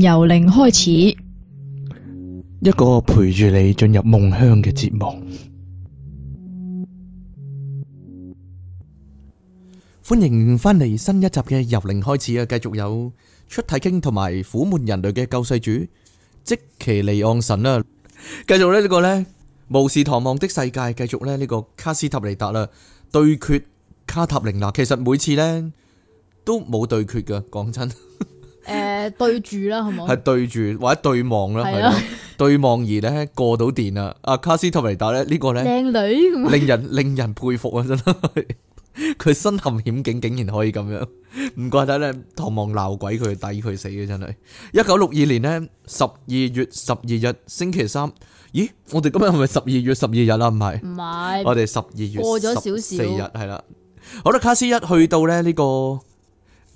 零由零開始，一個陪住你進入夢鄉嘅節目。歡迎翻嚟新一集嘅由零開始啊！繼續有出體經同埋苦悶人類嘅救世主 即奇利昂神啦、啊。繼續咧呢個咧巫士唐望的世界，繼續咧呢個卡斯塔尼達啦對決卡塔琳娜，其實每次呢都冇對決噶，講真。誒，對住啦，係冇？係對住或者對望啦，係啊，對望而咧過到電啦。阿卡斯托尼達咧呢個咧，靚女，令人令人佩服啊！真係，佢身陷險境竟然可以咁樣，唔怪得咧唐望鬧鬼佢抵佢死嘅真係。一九六二年咧十二月十二日星期三，咦？我哋今日係咪十二月十二日啊？唔係，唔係，我哋十二月過咗少少四日係啦。好啦，卡斯一去到咧呢個。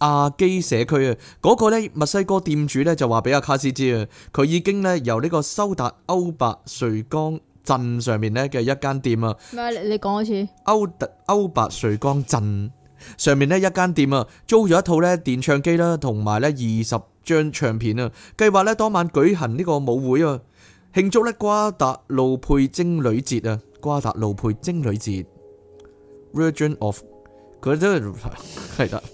亞基社區啊，嗰、那個咧墨西哥店主咧就話俾阿卡斯知啊，佢已經咧由呢個修達歐伯瑞江鎮上面咧嘅一間店啊，唔係你講一次，歐達歐白瑞江鎮上面呢一間店啊，租咗一套咧電唱機啦，同埋咧二十張唱片啊，計劃咧當晚舉行呢個舞會啊，慶祝咧瓜達路配精女節啊，瓜達路配精女節，region of，佢都係係得。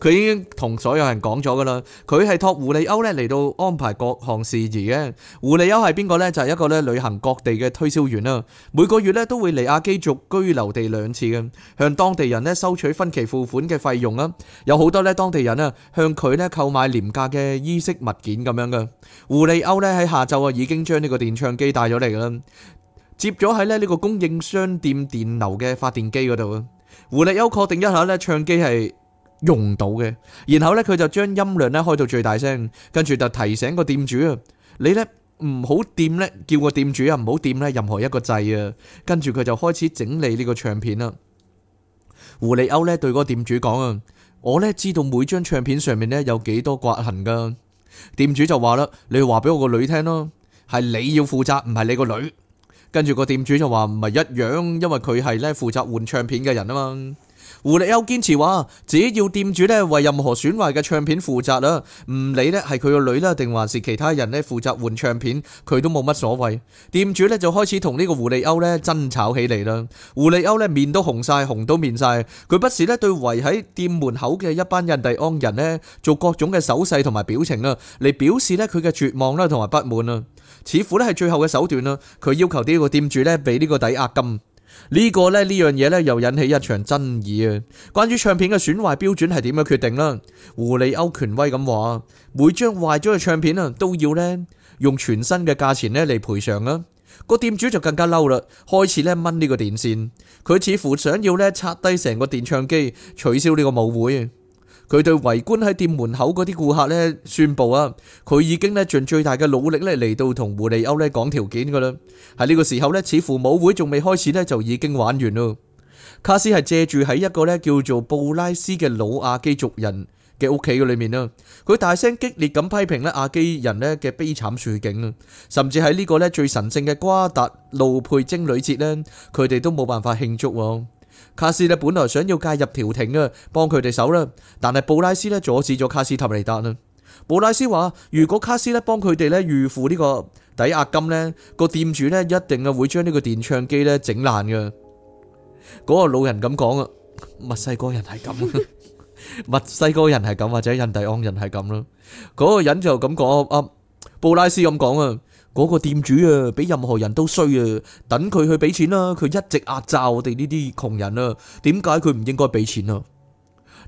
佢已經同所有人講咗噶啦，佢係託胡利歐呢嚟到安排各項事宜嘅。胡利歐係邊個呢？就係、是、一個咧旅行各地嘅推銷員啦。每個月呢，都會嚟阿基族居留地兩次嘅，向當地人咧收取分期付款嘅費用啊。有好多呢，當地人啊向佢咧購買廉價嘅衣飾物件咁樣噶。胡利歐呢，喺下晝啊已經將呢個電唱機帶咗嚟啦，接咗喺咧呢個供應商店電流嘅發電機嗰度啊。胡利歐確定一下呢，唱機係用到嘅，然後呢，佢就將音量呢開到最大聲，跟住就提醒個店主啊，你呢唔好掂呢，叫個店主啊唔好掂呢任何一個掣啊，跟住佢就開始整理呢個唱片啦。胡利歐呢對個店主講啊，我呢知道每張唱片上面呢有幾多刮痕㗎。店主就話啦，你話俾我個女聽咯，係你要負責，唔係你個女。跟住個店主就話唔係一樣，因為佢係呢負責換唱片嘅人啊嘛。狐狸歐堅持話，只要店主咧，為任何損壞嘅唱片負責啦，唔理咧，係佢個女啦，定還是其他人咧，負責換唱片，佢都冇乜所謂。店主咧，就開始同呢個胡利歐咧，爭吵起嚟啦。胡利歐咧，面都紅晒，紅都面晒，佢不時咧，對圍喺店門口嘅一班印第安人咧，做各種嘅手勢同埋表情啦，嚟表示咧，佢嘅絕望啦同埋不滿啊，似乎咧，係最後嘅手段啦，佢要求呢個店主咧，俾呢個抵押金。呢個咧，呢樣嘢咧又引起一場爭議啊！關於唱片嘅損壞標準係點樣決定咧？胡里歐權威咁話，每張壞咗嘅唱片啊，都要呢，用全新嘅價錢咧嚟賠償啦。個店主就更加嬲啦，開始咧掹呢個電線，佢似乎想要呢，拆低成個電唱機，取消呢個舞會。佢對圍觀喺店門口嗰啲顧客咧宣布啊，佢已經咧盡最大嘅努力咧嚟到同胡利歐咧講條件噶啦。喺呢個時候咧，似乎舞會仲未開始咧就已經玩完咯。卡斯係借住喺一個咧叫做布拉斯嘅老亞基族人嘅屋企嘅裏面啦，佢大聲激烈咁批評咧亞基人咧嘅悲慘處境啊，甚至喺呢個咧最神聖嘅瓜達路佩貞女節咧，佢哋都冇辦法慶祝。卡斯咧本來想要介入調停啊，幫佢哋手啦，但係布拉斯咧阻止咗卡斯塔尼達啦。布拉斯話：如果卡斯咧幫佢哋咧預付呢個抵押金咧，個店主咧一定啊會將呢個電唱機咧整爛嘅。嗰個老人咁講啊，墨西哥人係咁，墨西哥人係咁或者印第安人係咁啦。嗰個人就咁講啊，布拉斯咁講啊。嗰個店主啊，比任何人都衰啊！等佢去俾錢啦，啊，佢一直壓榨我哋呢啲窮人啊！點解佢唔應該俾錢啊？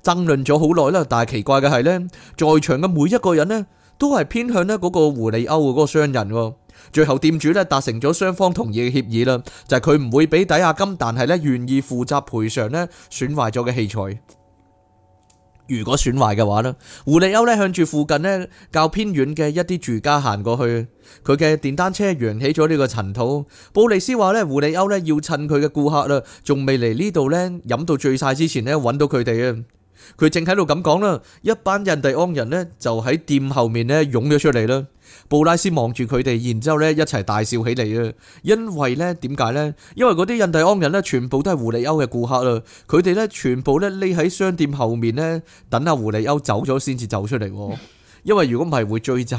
爭論咗好耐啦，但係奇怪嘅係呢，在場嘅每一個人呢，都係偏向呢嗰個胡利歐嘅嗰個商人。最後店主呢達成咗雙方同意嘅協議啦，就係佢唔會俾抵押金，但係呢願意負責賠償呢損壞咗嘅器材。如果損壞嘅話咧，胡利歐咧向住附近咧較偏遠嘅一啲住家行過去，佢嘅電單車揚起咗呢個塵土。布利斯話咧，胡利歐咧要趁佢嘅顧客啦仲未嚟呢度咧飲到醉晒之前咧揾到佢哋啊！佢正喺度咁講啦，一班印第安人咧就喺店後面咧湧咗出嚟啦。布拉斯望住佢哋，然之後咧一齊大笑起嚟啊！因為咧點解咧？因為嗰啲印第安人咧，全部都係胡利歐嘅顧客啦。佢哋咧全部咧匿喺商店後面咧，等下胡利歐走咗先至走出嚟。因為如果唔係會追債，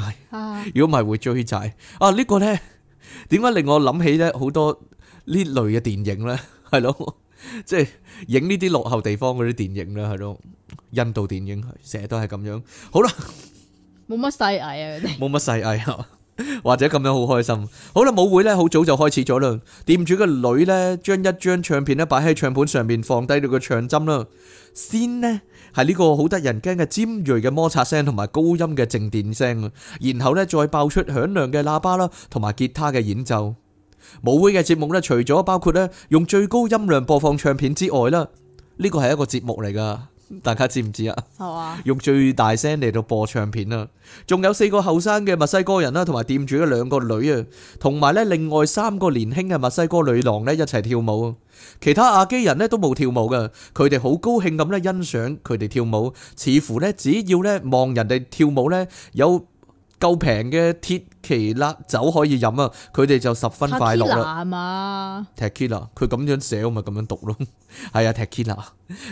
如果唔係會追債啊！這個、呢個咧點解令我諗起咧好多呢類嘅電影咧，係咯，即係影呢啲落後地方嗰啲電影咧，係咯，印度電影成日都係咁樣。好啦。冇乜細藝啊，冇乜細藝啊，或者咁樣好開心。好啦，舞會咧好早就開始咗啦。店主嘅女咧，將一張唱片咧擺喺唱盤上面，放低咗個唱針啦。先呢係呢個好得人驚嘅尖銳嘅摩擦聲，同埋高音嘅靜電聲。然後咧再爆出響亮嘅喇叭啦，同埋吉他嘅演奏。舞會嘅節目咧，除咗包括咧用最高音量播放唱片之外啦，呢個係一個節目嚟噶。大家知唔知啊？用最大聲嚟到播唱片啊！仲有四個後生嘅墨西哥人啦，同埋店主嘅兩個女啊，同埋咧另外三個年輕嘅墨西哥女郎咧一齊跳舞。其他阿基人咧都冇跳舞噶，佢哋好高興咁咧欣賞佢哋跳舞，似乎咧只要咧望人哋跳舞咧有夠平嘅鐵。奇啦酒可以飲啊，佢哋就十分快樂啦。tequila，佢咁樣寫，我咪咁樣讀咯。係啊，tequila。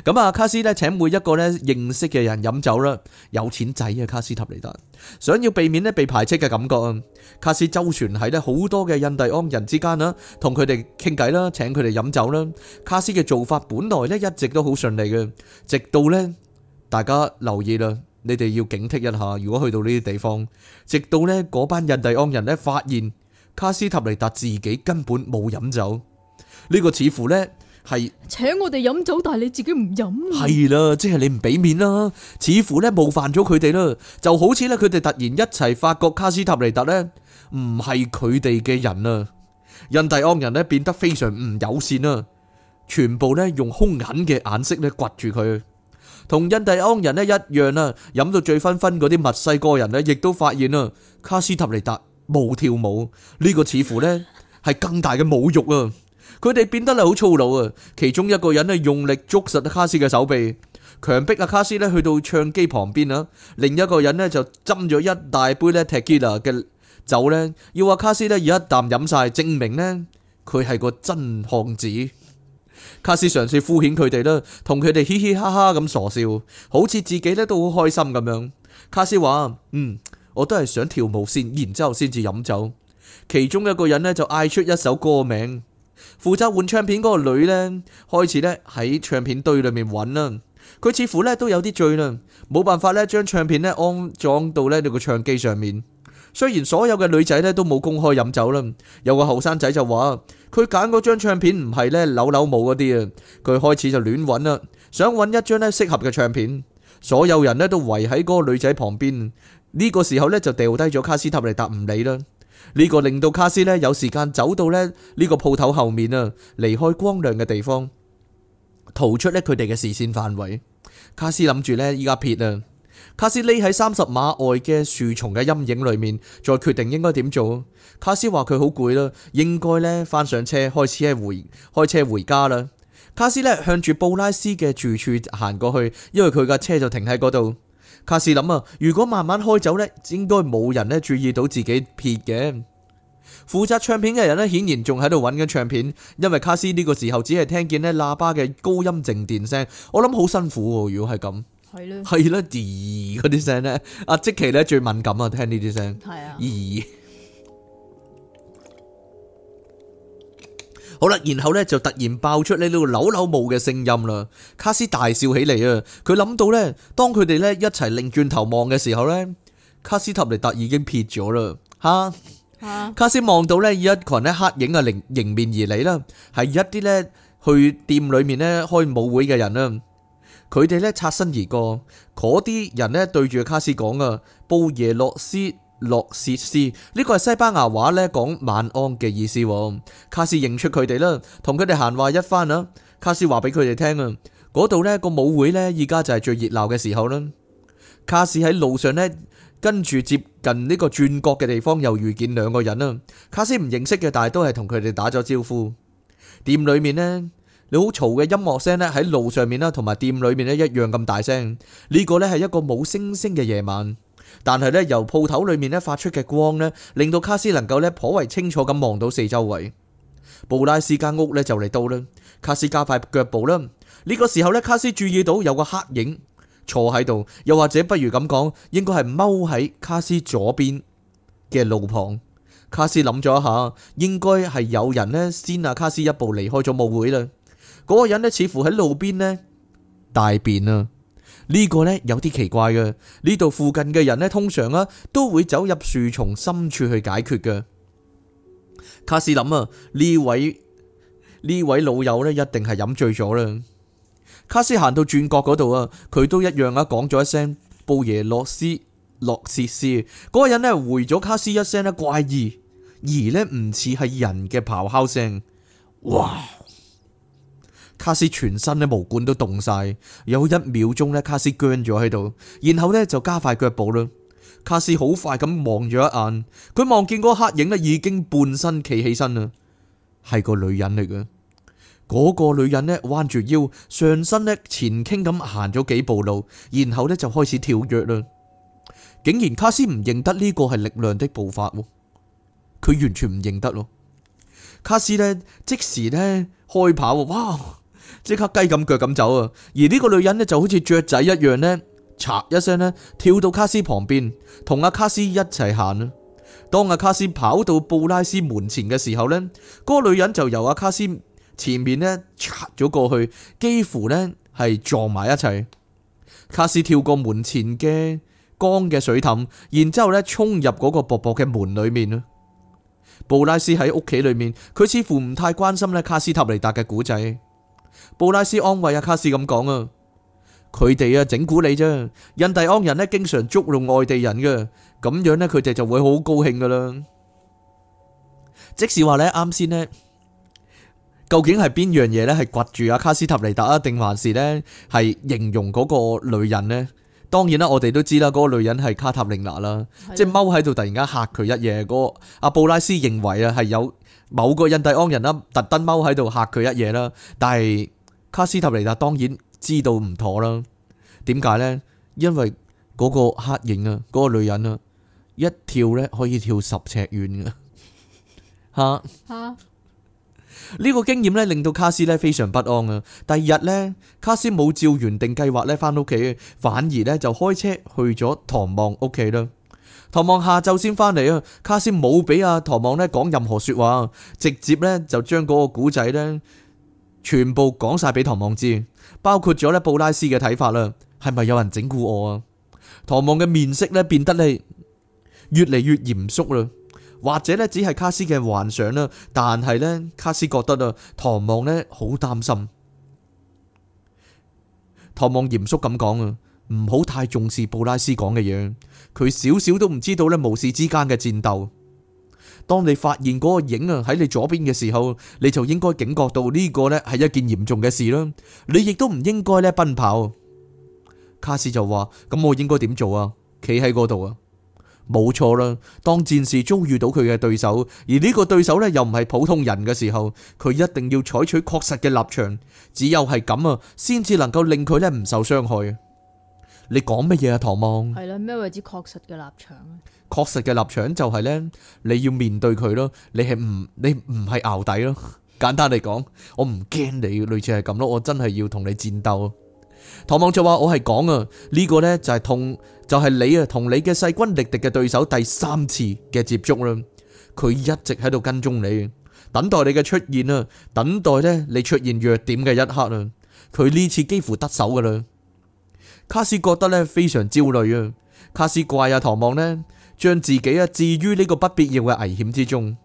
咁啊，卡斯咧請每一個咧認識嘅人飲酒啦。有錢仔啊，卡斯塔尼達想要避免咧被排斥嘅感覺啊。卡斯周旋喺咧好多嘅印第安人之間啦，同佢哋傾偈啦，請佢哋飲酒啦。卡斯嘅做法本來咧一直都好順利嘅，直到咧大家留意啦。你哋要警惕一下，如果去到呢啲地方，直到呢嗰班印第安人呢，發現卡斯塔尼達自己根本冇飲酒，呢個似乎呢，係請我哋飲酒，但係你自己唔飲，係啦，即係你唔俾面啦，似乎呢，冒犯咗佢哋啦，就好似呢，佢哋突然一齊發覺卡斯塔尼達呢，唔係佢哋嘅人啊，印第安人呢，變得非常唔友善啊，全部呢，用兇狠嘅眼色咧掘住佢。同印第安人咧一樣啦，飲到醉醺醺嗰啲墨西哥人咧，亦都發現啦，卡斯特尼達冇跳舞，呢、這個似乎咧係更大嘅侮辱啊！佢哋變得係好粗魯啊！其中一個人咧用力捉實卡斯嘅手臂，強迫阿卡斯咧去到唱機旁邊啊！另一個人咧就斟咗一大杯咧 Tequila 嘅酒呢，要阿卡斯咧一啖飲晒，證明呢，佢係個真漢子。卡斯嘗試敷衍佢哋啦，同佢哋嘻嘻哈哈咁傻笑，好似自己咧都好開心咁樣。卡斯話：嗯，我都係想跳舞先，然之後先至飲酒。其中一個人呢，就嗌出一首歌名，負責換唱片嗰個女呢，開始呢喺唱片堆裏面揾啦。佢似乎呢都有啲醉啦，冇辦法呢將唱片呢安裝到呢度個唱機上面。雖然所有嘅女仔咧都冇公開飲酒啦，有個後生仔就話：佢揀嗰張唱片唔係呢扭扭舞嗰啲啊！佢開始就亂揾啦，想揾一張咧適合嘅唱片。所有人呢都圍喺嗰個女仔旁邊。呢個時候呢，就掉低咗卡斯塔利達唔理啦。呢個令到卡斯咧有時間走到咧呢個鋪頭後面啊，離開光亮嘅地方，逃出呢佢哋嘅視線範圍。卡斯諗住呢，依家撇啊！卡斯匿喺三十碼外嘅樹叢嘅陰影裏面，再決定應該點做。卡斯話佢好攰啦，應該咧翻上車開始喺回開車回家啦。卡斯咧向住布拉斯嘅住處行過去，因為佢嘅車就停喺嗰度。卡斯諗啊，如果慢慢開走咧，應該冇人咧注意到自己撇嘅。負責唱片嘅人咧，顯然仲喺度揾緊唱片，因為卡斯呢個時候只係聽見咧喇叭嘅高音靜電聲。我諗好辛苦喎、啊，如果係咁。係啦，係啦，咦？嗰啲聲咧，阿即奇咧最敏感啊，聽呢啲聲。係啊，咦？好啦，然後咧就突然爆出呢個扭扭舞嘅聲音啦。卡斯大笑起嚟啊！佢諗到咧，當佢哋咧一齊擰轉頭望嘅時候咧，卡斯塔尼達已經撇咗啦。吓吓！卡斯望到咧，一群咧黑影啊，迎迎面而嚟啦，係一啲咧去店裏面咧開舞會嘅人啊。佢哋咧擦身而過，嗰啲人咧對住卡斯講啊，布耶洛斯洛洩斯呢個係西班牙話咧，講晚安嘅意思。卡斯認出佢哋啦，同佢哋閒話一番啊。卡斯話俾佢哋聽啊，嗰度呢個舞會呢，而家就係最熱鬧嘅時候啦。卡斯喺路上呢，跟住接近呢個轉角嘅地方，又遇見兩個人啦。卡斯唔認識嘅，但係都係同佢哋打咗招呼。店裏面呢。你好嘈嘅音樂聲咧，喺路上面啦，同埋店裏面咧一樣咁大聲。呢個咧係一個冇星星嘅夜晚，但係咧由鋪頭裏面咧發出嘅光咧，令到卡斯能夠咧頗為清楚咁望到四周圍。布拉斯間屋咧就嚟到啦，卡斯加快腳步啦。呢個時候咧，卡斯注意到有個黑影坐喺度，又或者不如咁講，應該係踎喺卡斯左邊嘅路旁。卡斯諗咗一下，應該係有人咧先啊，卡斯一步離開咗舞會啦。嗰個人咧，似乎喺路邊呢，大便啊。呢、呢個呢，有啲奇怪嘅。呢度附近嘅人呢，通常啊都會走入樹叢深處去解決嘅。卡斯諗啊，呢位呢位老友呢，一定係飲醉咗啦。卡斯行到轉角嗰度啊，佢都一樣啊，講咗一聲布耶洛斯洛切斯。嗰、嗰個人呢，回咗卡斯一聲呢怪異，而呢，唔似係人嘅咆哮聲。哇！卡斯全身咧，毛管都凍晒，有一秒鐘咧，卡斯僵咗喺度，然後咧，就加快腳步啦。卡斯好快咁望咗一眼，佢望見嗰黑影咧，已經半身企起身啦，係個女人嚟嘅。嗰個女人咧，彎住腰，上身咧，前傾咁行咗幾步路，然後咧，就開始跳躍啦。竟然卡斯唔認得呢個係力量的步伐，佢完全唔認得咯。卡斯呢，即時呢，開跑，哇！即刻雞咁腳咁走啊！而呢個女人呢，就好似雀仔一樣呢，嚓一聲呢，跳到卡斯旁邊，同阿卡斯一齊行啦。當阿卡斯跑到布拉斯門前嘅時候呢，嗰個女人就由阿卡斯前面呢，嚓咗過去，幾乎呢，係撞埋一齊。卡斯跳過門前嘅乾嘅水凼，然之後呢衝入嗰個薄薄嘅門裏面啦。布拉斯喺屋企裏面，佢似乎唔太關心呢卡斯塔尼達嘅古仔。布拉斯安慰阿卡斯咁講啊，佢哋啊整蠱你啫，印第安人呢經常捉弄外地人嘅，咁樣呢佢哋就會好高興噶啦。即使話呢啱先呢，究竟係邊樣嘢呢？係掘住阿卡斯塔尼達，定還是呢？係形容嗰個女人呢？當然啦，我哋都知啦，嗰個女人係卡塔琳娜啦，的即係踎喺度突然間嚇佢一夜。嗰個阿布拉斯認為啊，係有。某個印第安人啦，特登踎喺度嚇佢一嘢啦。但係卡斯塔尼達當然知道唔妥啦。點解咧？因為嗰個黑影啊，嗰個女人啊，一跳咧可以跳十尺遠啊！嚇嚇，呢個經驗咧令到卡斯咧非常不安啊。第二日咧，卡斯冇照原定計劃咧翻屋企，反而咧就開車去咗唐望屋企啦。唐望下晝先翻嚟啊。卡斯冇俾阿唐望呢講任何說話，直接呢就將嗰個古仔呢全部講晒俾唐望知，包括咗呢布拉斯嘅睇法啦，係咪有人整蠱我啊？唐望嘅面色呢變得呢越嚟越嚴肅啦，或者呢只係卡斯嘅幻想啦，但係呢，卡斯覺得啊，唐望呢好擔心。唐望嚴肅咁講啊，唔好太重視布拉斯講嘅嘢。佢少少都唔知道咧，巫士之間嘅戰鬥。當你發現嗰個影啊喺你左邊嘅時候，你就應該警覺到呢個呢係一件嚴重嘅事啦。你亦都唔應該咧奔跑。卡斯就話，咁我應該點做啊？企喺嗰度啊，冇錯啦。當戰士遭遇到佢嘅對手，而呢個對手呢又唔係普通人嘅時候，佢一定要採取確實嘅立場，只有係咁啊，先至能夠令佢咧唔受傷害。你講乜嘢啊，唐望？係啦，咩為之確實嘅立場啊？確實嘅立場就係咧，你要面對佢咯，你係唔你唔係淆底咯。簡單嚟講，我唔驚你，類似係咁咯。我真係要同你戰鬥。唐望就話，我係講啊，呢個咧就係同就係你啊，同你嘅勢均力敵嘅對手第三次嘅接觸啦。佢一直喺度跟蹤你，等待你嘅出現啦，等待咧你出現弱點嘅一刻啦。佢呢次幾乎得手噶啦。卡斯覺得咧非常焦慮啊！卡斯怪啊，唐望咧將自己啊置於呢個不必要嘅危險之中。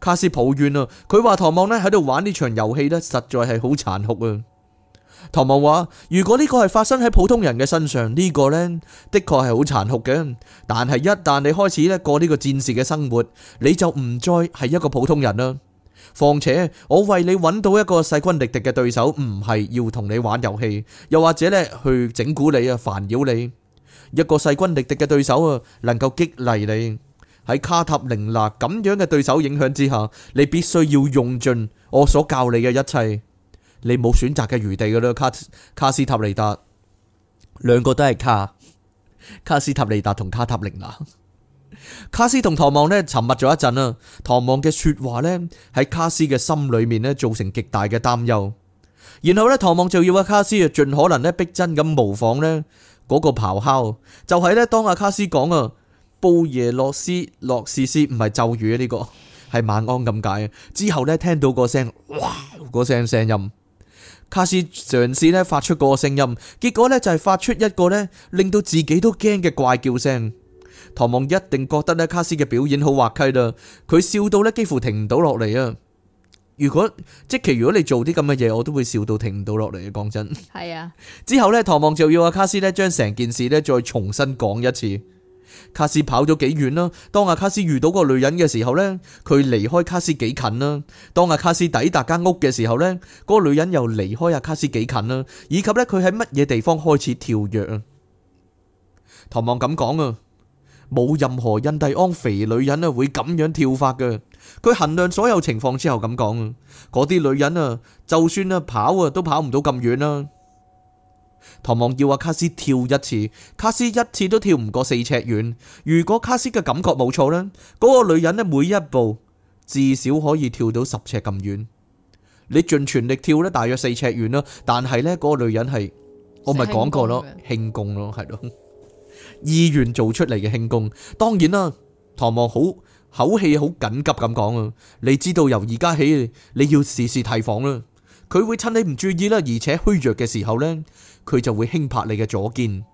卡斯抱怨啊，佢話唐望咧喺度玩呢場遊戲呢，實在係好殘酷啊！唐望話：如果呢個係發生喺普通人嘅身上，呢個呢，的確係好殘酷嘅。但係一旦你開始咧過呢個戰士嘅生活，你就唔再係一個普通人啦。況且我為你揾到一個勢均力敵嘅對手，唔係要同你玩遊戲，又或者咧去整蠱你啊，煩擾你。一個勢均力敵嘅對手啊，能夠激勵你。喺卡塔琳娜咁樣嘅對手影響之下，你必須要用盡我所教你嘅一切，你冇選擇嘅餘地噶啦。卡卡斯塔利達，兩個都係卡卡斯塔利達同卡塔琳娜。卡斯同唐望呢沉默咗一陣啦，唐望嘅說話呢喺卡斯嘅心裏面呢造成極大嘅擔憂。然後呢，唐望就要阿卡斯啊盡可能呢逼真咁模仿呢嗰個咆哮。就係、是、呢當阿卡斯講啊布耶洛斯洛斯斯唔係咒語呢、呢個係晚安咁解。之後呢聽到個聲哇嗰聲聲音，卡斯嘗試呢發出嗰個聲音，結果呢就係發出一個呢令到自己都驚嘅怪叫聲。唐望一定覺得咧卡斯嘅表演好滑稽啦，佢笑到咧幾乎停唔到落嚟啊！如果即期，如果你做啲咁嘅嘢，我都會笑到停唔到落嚟啊！講真，係啊！之後咧，唐望就要阿卡斯咧將成件事咧再重新講一次。卡斯跑咗幾遠啦？當阿卡斯遇到個女人嘅時候咧，佢離開卡斯幾近啦？當阿卡斯抵達間屋嘅時候咧，嗰個女人又離開阿卡斯幾近啦？以及咧佢喺乜嘢地方開始跳躍啊？唐望咁講啊！冇任何印第安肥女人咧會咁樣跳法嘅，佢衡量所有情況之後咁講啊，嗰啲女人啊，就算啊跑啊都跑唔到咁遠啦。唐望叫阿卡斯跳一次，卡斯一次都跳唔過四尺遠。如果卡斯嘅感覺冇錯咧，嗰個女人咧每一步至少可以跳到十尺咁遠。你盡全力跳咧，大約四尺遠啦。但係咧，嗰個女人係我咪講過咯，輕功咯，係咯。意願做出嚟嘅慶功，當然啦。唐望好口氣好緊急咁講啊！你知道由而家起，你要時時提防啦。佢會趁你唔注意啦，而且虛弱嘅時候呢，佢就會輕拍你嘅左肩，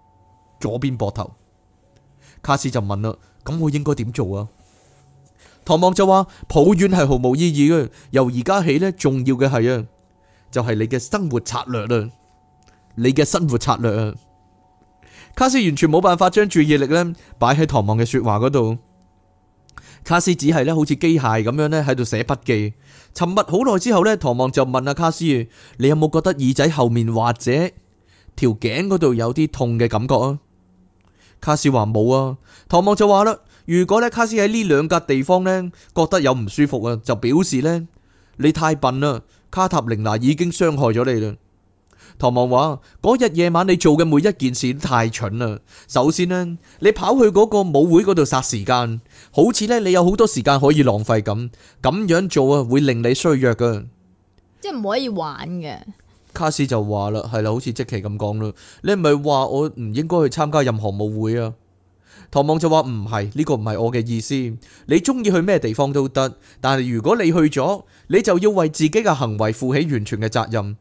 左邊膊頭。卡斯就問啦：咁、啊、我應該點做啊？唐望就話：抱怨係毫無意義嘅。由而家起呢，重要嘅係啊，就係、是、你嘅生活策略啊，你嘅生活策略啊。卡斯完全冇辦法將注意力呢擺喺唐望嘅說話嗰度，卡斯只係呢好似機械咁樣呢喺度寫筆記。沉默好耐之後呢，唐望就問阿卡斯：你有冇覺得耳仔後面或者條頸嗰度有啲痛嘅感覺啊？卡斯話冇啊。唐望就話啦：如果呢卡斯喺呢兩笪地方呢覺得有唔舒服啊，就表示呢你太笨啦。卡塔琳娜已經傷害咗你啦。唐望話：嗰日夜晚你做嘅每一件事都太蠢啦。首先呢，你跑去嗰個舞會嗰度殺時間，好似咧，你有好多時間可以浪費咁，咁樣做啊會令你衰弱噶。即係唔可以玩嘅。卡斯就話啦係啦，好似即其咁講啦。你唔係話我唔應該去參加任何舞會啊？唐望就話唔係，呢個唔係我嘅意思。你中意去咩地方都得，但係如果你去咗，你就要為自己嘅行為負起完全嘅責任。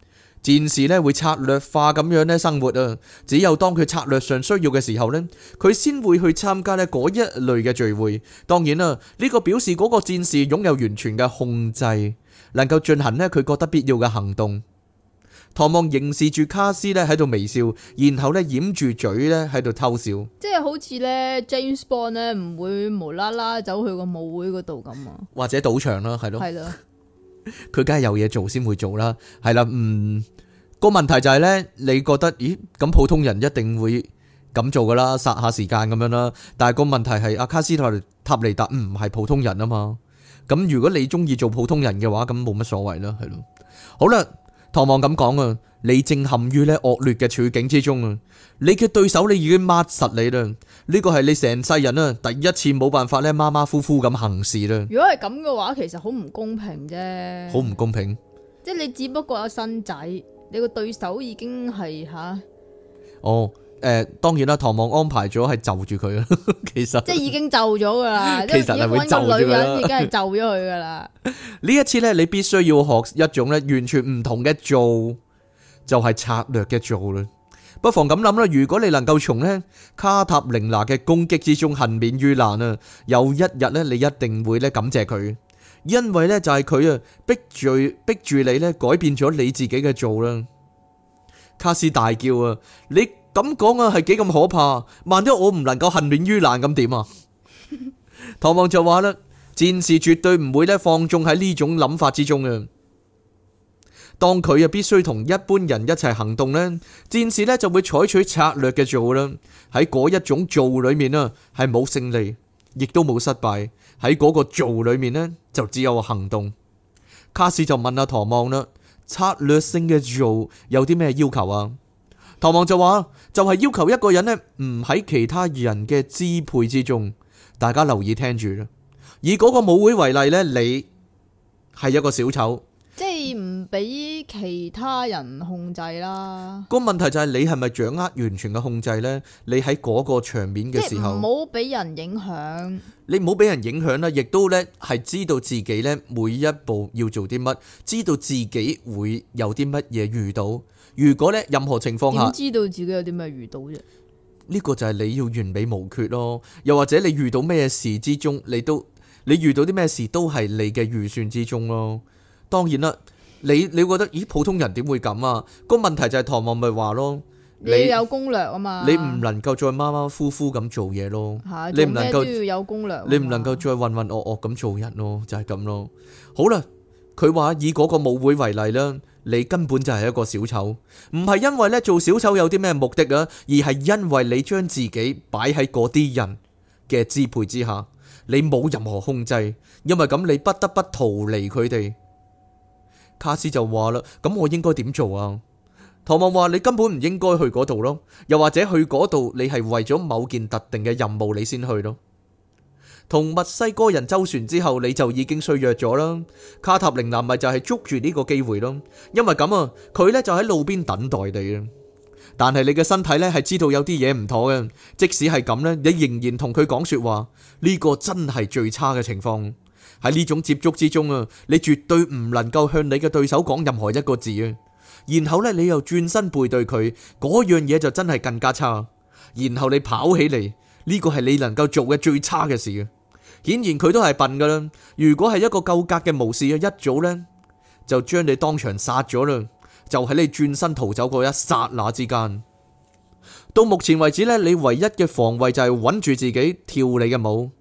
戰士呢會策略化咁樣呢生活啊，只有當佢策略上需要嘅時候呢佢先會去參加呢嗰一類嘅聚會。當然啦，呢個表示嗰個戰士擁有完全嘅控制，能夠進行呢佢覺得必要嘅行動。唐望凝視住卡斯呢喺度微笑，然後呢掩住嘴呢喺度偷笑。即係好似呢 James Bond 呢唔會無啦啦走去個舞會嗰度咁啊，或者賭場啦，係咯。係咯。佢梗係有嘢做先會做啦，係啦，嗯，個問題就係咧，你覺得，咦，咁普通人一定會咁做噶啦，殺下時間咁樣啦，但係個問題係阿卡斯塔塔尼達唔係普通人啊嘛，咁如果你中意做普通人嘅話，咁冇乜所謂啦，係咯，好啦。唐望咁講啊，你正陷於呢惡劣嘅處境之中啊！你嘅對手你已經抹實你啦，呢個係你成世人啊第一次冇辦法咧馬馬虎虎咁行事啦。如果係咁嘅話，其實好唔公平啫。好唔公平，即係你只不過有新仔，你個對手已經係吓。哦。誒，當然啦，唐望安排咗係就住佢啊，其實即係已經就咗噶啦，即係溫柔女人已經係就咗佢噶啦。呢一次咧，你必須要學一種咧完全唔同嘅做，就係策略嘅做啦。不妨咁諗啦，如果你能夠從咧卡塔琳娜嘅攻擊之中幸免於難啊，有一日咧，你一定會咧感謝佢，因為咧就係佢啊逼住逼住你咧改變咗你自己嘅做啦。卡斯大叫啊，你！咁講啊，係幾咁可怕？萬一我唔能夠幸免於難咁點啊？樣樣 唐望就話啦，戰士絕對唔會咧放縱喺呢種諗法之中啊。當佢啊必須同一般人一齊行動呢，戰士呢就會採取策略嘅做啦。喺嗰一種做裏面啊，係冇勝利，亦都冇失敗。喺嗰個做裏面呢，就只有行動。卡士就問阿唐望啦，策略性嘅做有啲咩要求啊？唐望就話，就係要求一個人咧唔喺其他人嘅支配之中。大家留意聽住啦。以嗰個舞會為例咧，你係一個小丑，即係唔俾其他人控制啦。個問題就係你係咪掌握完全嘅控制呢？你喺嗰個場面嘅時候，即係唔好俾人影響。你唔好俾人影響啦，亦都咧係知道自己咧每一步要做啲乜，知道自己會有啲乜嘢遇到。如果咧任何情況下，點知道自己有啲咩遇到嘅？呢個就係你要完美無缺咯。又或者你遇到咩事之中，你都你遇到啲咩事都係你嘅預算之中咯。當然啦，你你覺得咦？普通人點會咁啊？個問題就係唐望咪話咯，你要有攻略啊嘛。你唔能夠再馬馬虎虎咁做嘢咯。嚇，做嘢都要有攻略。你唔能夠再混混噩噩咁做人咯，就係咁咯。好啦，佢話以嗰個舞會為例啦。你根本就係一個小丑，唔係因為咧做小丑有啲咩目的啊，而係因為你將自己擺喺嗰啲人嘅支配之下，你冇任何控制，因為咁你不得不逃離佢哋。卡斯就話啦，咁我應該點做啊？唐望話你根本唔應該去嗰度咯，又或者去嗰度你係為咗某件特定嘅任務你先去咯。同墨西哥人周旋之後，你就已經衰弱咗啦。卡塔琳娜咪就係捉住呢個機會咯，因為咁啊，佢咧就喺路邊等待你啊。但係你嘅身體咧係知道有啲嘢唔妥嘅，即使係咁呢，你仍然同佢講說話，呢個真係最差嘅情況。喺呢種接觸之中啊，你絕對唔能夠向你嘅對手講任何一個字啊。然後咧，你又轉身背對佢，嗰樣嘢就真係更加差。然後你跑起嚟，呢個係你能夠做嘅最差嘅事啊！顯然佢都係笨噶啦！如果係一個夠格嘅巫士，一早呢就將你當場殺咗啦，就喺你轉身逃走嗰一剎那之間。到目前為止呢，你唯一嘅防衛就係穩住自己跳你嘅舞。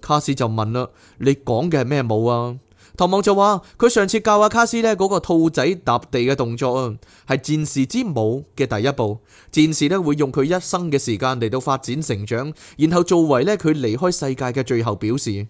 卡斯就問啦：你講嘅係咩舞啊？唐望就話佢上次教阿卡斯呢嗰個兔仔踏地嘅動作啊，係戰士之舞嘅第一步。戰士呢會用佢一生嘅時間嚟到發展成長，然後作為呢佢離開世界嘅最後表示。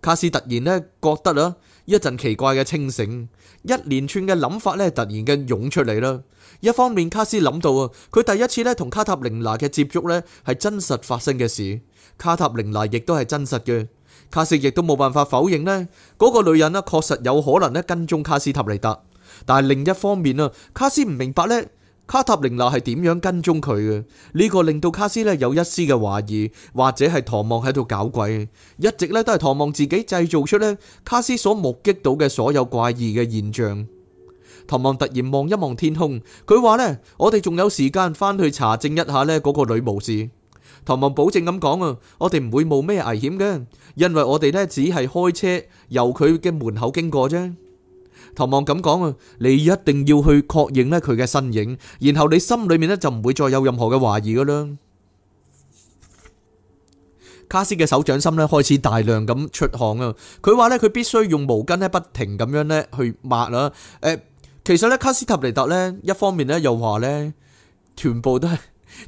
卡斯突然呢覺得啊，一陣奇怪嘅清醒，一連串嘅諗法呢突然嘅湧出嚟啦。一方面卡斯諗到啊，佢第一次呢同卡塔琳娜嘅接觸呢係真實發生嘅事，卡塔琳娜亦都係真實嘅。卡斯亦都冇辦法否認呢，嗰、那個女人呢確實有可能呢跟蹤卡斯塔尼達，但係另一方面啊，卡斯唔明白呢卡塔琳娜係點樣跟蹤佢嘅，呢、這個令到卡斯呢有一絲嘅懷疑，或者係唐望喺度搞鬼，一直呢都係唐望自己製造出呢卡斯所目擊到嘅所有怪異嘅現象。唐望突然望一望天空，佢話呢我哋仲有時間翻去查證一下呢嗰個女巫士。唐望保證咁講啊，我哋唔會冒咩危險嘅，因為我哋咧只係開車由佢嘅門口經過啫。唐望咁講啊，你一定要去確認咧佢嘅身影，然後你心裏面咧就唔會再有任何嘅懷疑噶啦。卡斯嘅手掌心咧開始大量咁出汗啊，佢話咧佢必須用毛巾咧不停咁樣咧去抹啦。誒，其實咧卡斯塔尼達咧一方面咧又話咧全部都係。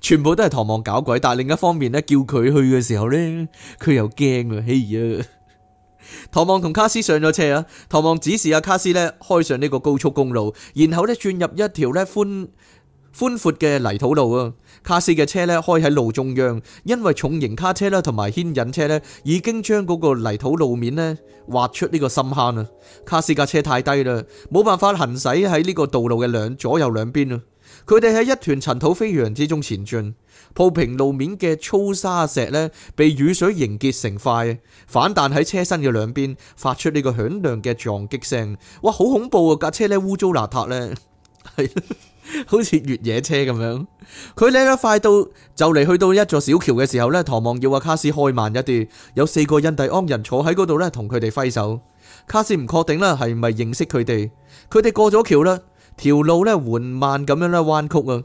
全部都係唐望搞鬼，但係另一方面咧，叫佢去嘅時候咧，佢又驚啊！哎呀，唐望同卡斯上咗車啊，唐望指示阿卡斯咧開上呢個高速公路，然後咧轉入一條咧寬寬闊嘅泥土路啊。卡斯嘅車咧開喺路中央，因為重型卡車啦同埋牽引車咧已經將嗰個泥土路面咧挖出呢個深坑啊。卡斯架車太低啦，冇辦法行駛喺呢個道路嘅兩左右兩邊啊。佢哋喺一團塵土飛揚之中前進，鋪平路面嘅粗砂石咧，被雨水凝結成塊，反彈喺車身嘅兩邊，發出呢個響亮嘅撞擊聲，哇，好恐怖啊！架車呢污糟邋遢咧，係 好似越野車咁樣。佢呢一快到就嚟去到一座小橋嘅時候呢，唐望要阿卡斯開慢一啲。有四個印第安人坐喺嗰度呢，同佢哋揮手。卡斯唔確定啦，係咪認識佢哋？佢哋過咗橋啦。條路咧緩慢咁樣咧彎曲啊，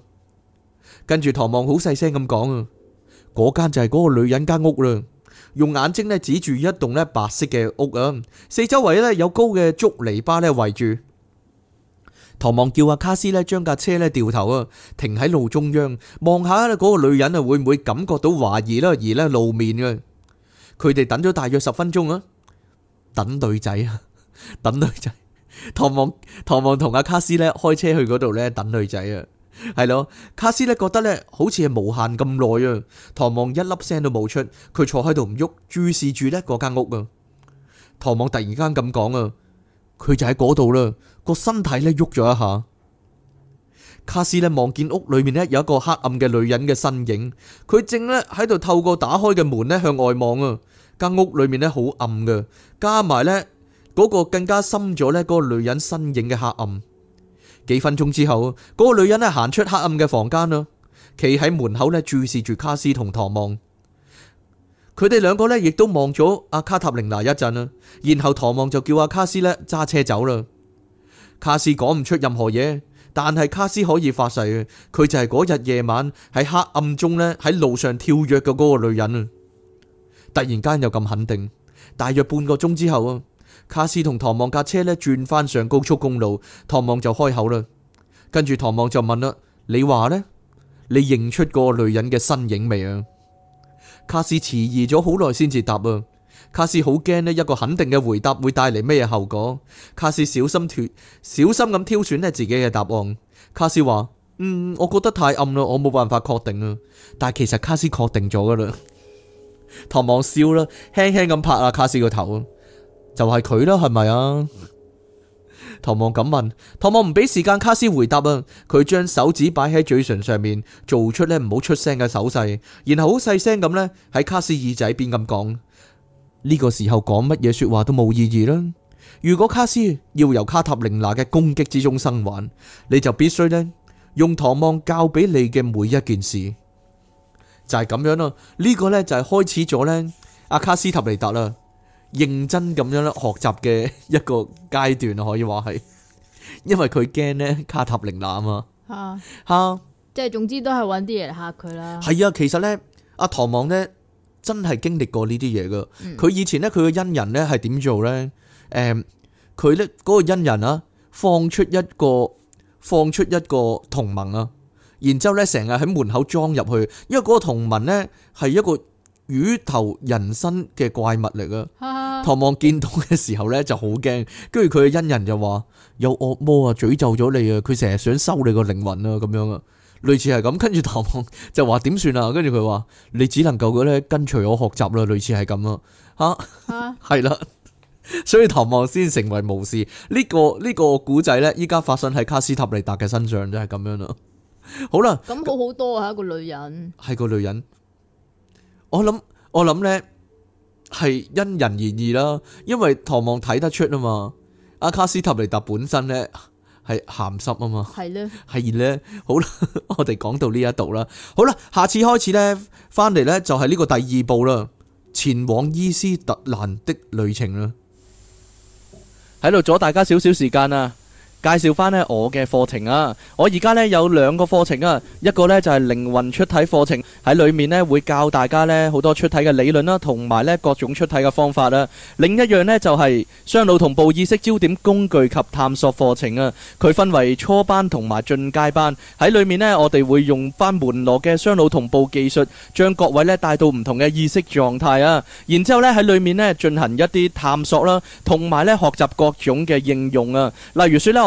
跟住唐望好細聲咁講啊，嗰間就係嗰個女人間屋啦，用眼睛咧指住一棟咧白色嘅屋啊，四周圍咧有高嘅竹籬笆咧圍住。唐望叫阿卡斯咧將架車咧掉頭啊，停喺路中央，望下咧嗰個女人啊會唔會感覺到懷疑啦而咧露面嘅？佢哋等咗大約十分鐘啊，等女仔啊，等女仔。唐望，唐望同阿卡斯咧開車去嗰度咧等女仔啊，係咯，卡斯咧覺得咧好似係無限咁耐啊。唐望一粒聲都冇出，佢坐喺度唔喐，注視住咧嗰間屋啊。唐望突然間咁講啊，佢就喺嗰度啦，個身體咧喐咗一下。卡斯咧望見屋裏面咧有一個黑暗嘅女人嘅身影，佢正咧喺度透過打開嘅門咧向外望啊。間屋裏面咧好暗嘅，加埋咧。嗰個更加深咗呢嗰個女人身影嘅黑暗。幾分鐘之後，嗰個女人咧行出黑暗嘅房間啦，企喺門口呢注視住卡斯同唐望。佢哋兩個呢亦都望咗阿卡塔玲娜一陣啦，然後唐望就叫阿卡斯呢揸車走啦。卡斯講唔出任何嘢，但係卡斯可以發誓佢就係嗰日夜晚喺黑暗中呢喺路上跳躍嘅嗰個女人啊！突然間又咁肯定。大約半個鐘之後啊。卡斯同唐望架車咧轉翻上高速公路，唐望就開口啦。跟住唐望就問啦：你話呢？你認出個女人嘅身影未啊？卡斯遲疑咗好耐先至答啊。卡斯好驚呢一個肯定嘅回答會帶嚟咩後果？卡斯小心脱，小心咁挑選咧自己嘅答案。卡斯話：嗯，我覺得太暗啦，我冇辦法確定啊。但係其實卡斯確定咗噶啦。唐望笑啦，輕輕咁拍下卡斯個頭啊。就係佢啦，係咪啊？唐望咁問，唐望唔俾時間卡斯回答啊。佢將手指擺喺嘴唇上面，做出咧唔好出聲嘅手勢，然後好細聲咁咧喺卡斯耳仔邊咁講。呢個時候講乜嘢說話都冇意義啦。如果卡斯要由卡塔琳娜嘅攻擊之中生還，你就必須呢，用唐望教俾你嘅每一件事，就係咁樣啦。呢個呢，就係開始咗呢，阿卡斯塔尼達啦。認真咁樣咧學習嘅一個階段啊，可以話係，因為佢驚咧卡塔琳娜啊嘛，吓、啊，即係總之都係揾啲嘢嚇佢啦。係啊，其實咧阿唐望咧真係經歷過呢啲嘢噶，佢、嗯、以前咧佢嘅恩人咧係點做咧？誒、嗯，佢咧嗰個恩人啊，放出一個放出一個同盟啊，然之後咧成日喺門口裝入去，因為嗰個同盟咧係一個。魚頭人身嘅怪物嚟啊！ 唐望見到嘅時候咧就好驚，跟住佢嘅恩人就話有惡魔啊，詛咒咗你啊！佢成日想收你個靈魂啊，咁樣啊，類似係咁。跟住唐望就話點算啊？跟住佢話你只能夠佢咧跟隨我學習啦，類似係咁啊，吓，係啦。所以唐望先成為巫士。呢、這個呢、這個古仔咧，依家發生喺卡斯塔利達嘅身上就係、是、咁樣啦。好啦，咁好好多啊，一個女人係個女人。我諗我諗咧係因人而異啦，因為唐望睇得出啊嘛，阿卡斯塔尼達本身呢係鹹濕啊嘛，係呢的？係咧，好啦， 我哋講到呢一度啦，好啦，下次開始呢，翻嚟呢就係呢個第二部啦，前往伊斯特蘭的旅程啦，喺度阻大家少少時間啊。介紹翻咧我嘅課程啊！我而家咧有兩個課程啊，一個咧就係靈魂出體課程，喺裡面咧會教大家咧好多出體嘅理論啦，同埋咧各種出體嘅方法啦。另一樣咧就係雙腦同步意識焦點工具及探索課程啊。佢分為初班同埋進階班，喺裡面咧我哋會用翻門羅嘅雙腦同步技術，將各位咧帶到唔同嘅意識狀態啊。然之後咧喺裡面咧進行一啲探索啦，同埋咧學習各種嘅應用啊。例如説咧。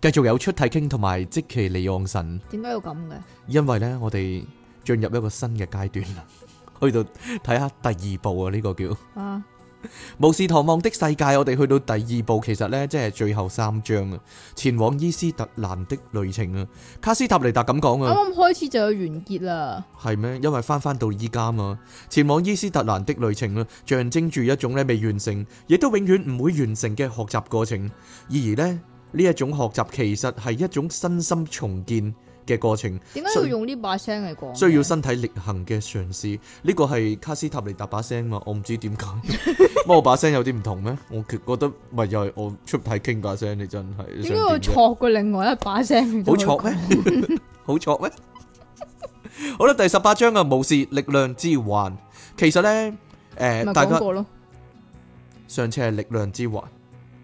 繼續有出體傾同埋即期離岸神，點解要咁嘅？因為咧，我哋進入一個新嘅階段啦，去到睇下第二部啊，呢個叫《巫士唐望的世界》。我哋去到第二部，其實咧，即係最後三章啊，前往伊斯特蘭的旅程啊，卡斯塔尼達咁講啊，啱啱開始就有完結啦，係咩？因為翻翻到依家嘛，前往伊斯特蘭的旅程啊，象徵住一種咧未完成，亦都永遠唔會完成嘅學習過程，而咧。呢一種學習其實係一種身心重建嘅過程。點解要用把聲呢把聲嚟講？需要身體力行嘅嘗試。呢個係卡斯塔尼達把聲嘛？我唔知 我點講。乜我把聲有啲唔同咩？我覺得咪又係我出體傾把聲，你真係。點解我錯過另外一把聲？好錯咩？好錯咩？好啦，第十八章嘅巫士力量之環，其實咧誒，呃、大家上次係力量之環。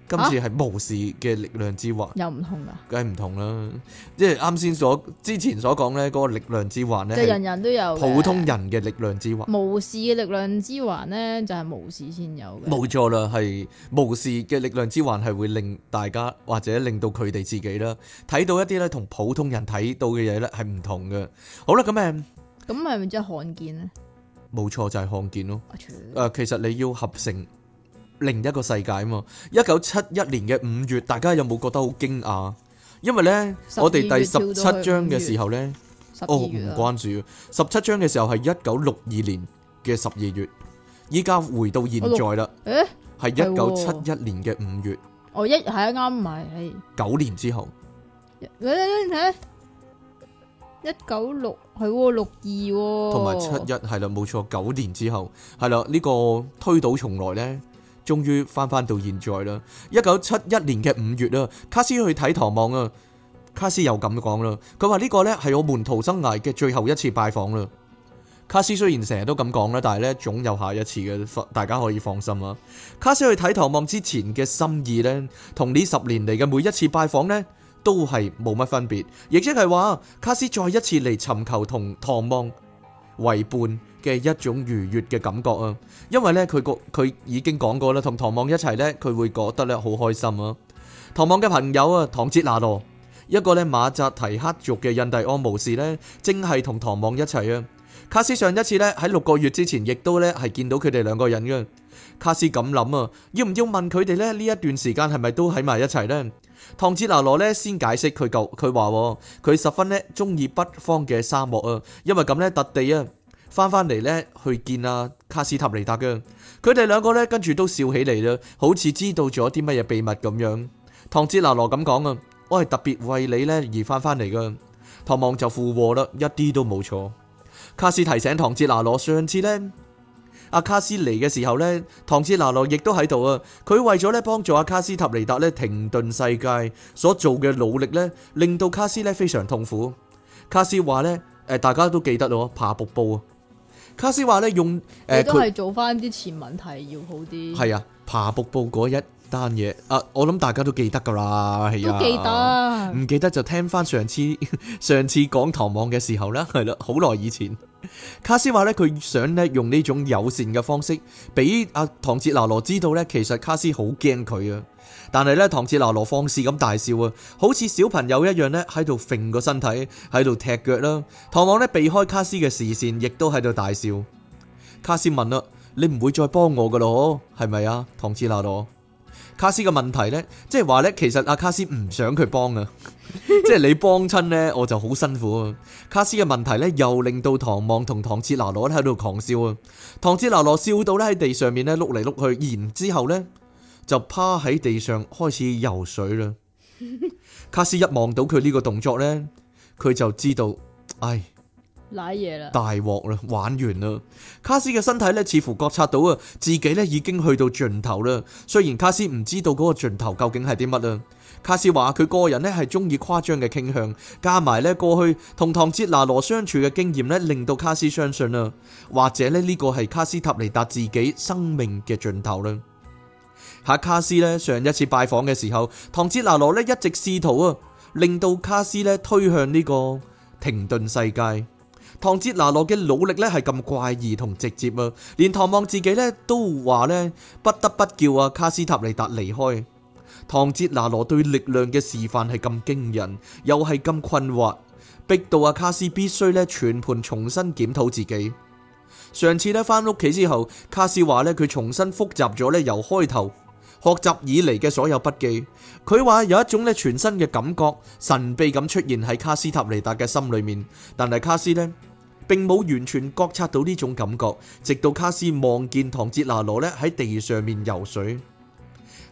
今次係巫士嘅力量之環，啊，有唔同噶，梗係唔同啦。即係啱先所之前所講咧，嗰個力量之環咧，就人人都有普通人嘅力量之環，巫士嘅力量之環咧就係巫士先有嘅。冇錯啦，係巫士嘅力量之環係會令大家或者令到佢哋自己啦，睇到一啲咧同普通人睇到嘅嘢咧係唔同嘅。好啦，咁誒，咁係咪即係罕見咧？冇錯就係罕見咯。誒，其實你要合成。另一個世界啊嘛！一九七一年嘅五月，大家有冇覺得好驚訝？因為咧，我哋第十七章嘅時候咧，哦唔關注，十七章嘅時候係一九六二年嘅十二月，依家回到現在啦，係一九七一年嘅五月。哦，一係啱埋，九年之後，你睇一九六係六二，同埋七一係啦，冇錯，九年之後係啦，呢個推倒重來咧。終於翻翻到現在啦！一九七一年嘅五月啦，卡斯去睇唐望啊，卡斯又咁講啦，佢話呢個呢係我門徒生涯嘅最後一次拜訪啦。卡斯雖然成日都咁講啦，但係呢總有下一次嘅，大家可以放心啦。卡斯去睇唐望之前嘅心意呢，同呢十年嚟嘅每一次拜訪呢，都係冇乜分別，亦即係話卡斯再一次嚟尋求同唐望為伴。嘅一種愉悅嘅感覺啊，因為呢，佢佢已經講過啦，同唐望一齊呢，佢會覺得咧好開心啊。唐望嘅朋友啊，唐哲拿羅，一個呢馬扎提克族嘅印第安武士呢，正係同唐望一齊啊。卡斯上一次呢，喺六個月之前，亦都呢係見到佢哋兩個人嘅。卡斯咁諗啊，要唔要問佢哋呢呢一段時間係咪都喺埋一齊呢？唐哲拿羅呢先解釋佢舊，佢話喎，佢十分呢中意北方嘅沙漠啊，因為咁呢特地啊。翻返嚟咧，去見阿、啊、卡斯塔尼達嘅，佢哋兩個咧跟住都笑起嚟啦，好似知道咗啲乜嘢秘密咁樣。唐哲拿羅咁講啊，我係特別為你咧而翻返嚟噶唐望就復和附和啦，一啲都冇錯。卡斯提醒唐哲拿羅，上次咧阿、啊、卡斯嚟嘅時候咧，唐哲拿羅亦都喺度啊。佢為咗咧幫助阿、啊、卡斯塔尼達咧停頓世界所做嘅努力咧，令到卡斯咧非常痛苦。卡斯話咧，誒、呃，大家都記得咯，爬瀑布啊！卡斯話咧用誒，呃、都係做翻啲前文提要好啲。係啊，爬瀑布嗰一單嘢，啊，我諗大家都記得噶啦，係啊，記得唔記得就聽翻上次上次講唐望嘅時候啦，係啦、啊，好耐以前。卡斯話咧，佢想咧用呢種友善嘅方式，俾阿唐哲拿羅知道咧，其實卡斯好驚佢啊。但係咧，唐切拿羅放肆咁大笑啊，好似小朋友一樣咧，喺度揈個身體，喺度踢腳啦。唐望咧避開卡斯嘅視線，亦都喺度大笑。卡斯問啦：你唔會再幫我噶咯？係咪啊？唐切拿羅。卡斯嘅問題呢，即係話呢，其實阿、啊、卡斯唔想佢幫啊，即 係你幫親呢，我就好辛苦啊。 卡斯嘅問題呢，又令到唐望同唐切拿羅喺度狂笑啊。唐切拿羅笑到咧喺地上面咧碌嚟碌去，然之後咧。就趴喺地上開始游水啦。 卡斯一望到佢呢個動作呢，佢就知道，唉，瀨嘢啦，大鑊啦，玩完啦。卡斯嘅身體呢，似乎覺察到啊，自己呢已經去到盡頭啦。雖然卡斯唔知道嗰個盡頭究竟係啲乜啦。卡斯話佢個人呢係中意誇張嘅傾向，加埋呢過去同唐哲拿羅相處嘅經驗呢，令到卡斯相信啦，或者咧呢、呢個係卡斯塔尼達自己生命嘅盡頭啦。喺卡斯咧上一次拜訪嘅時候，唐哲拿羅咧一直試圖啊令到卡斯咧推向呢個停頓世界。唐哲拿羅嘅努力咧係咁怪異同直接啊，連唐望自己咧都話咧不得不叫啊卡斯塔尼達離開。唐哲拿羅對力量嘅示範係咁驚人，又係咁困惑，逼到阿卡斯必須咧全盤重新檢討自己。上次咧翻屋企之後，卡斯話咧佢重新復習咗咧由開頭學習以嚟嘅所有筆記，佢話有一種咧全新嘅感覺，神秘咁出現喺卡斯塔尼達嘅心裏面。但係卡斯呢，並冇完全覺察到呢種感覺，直到卡斯望見唐哲拿羅咧喺地上面游水，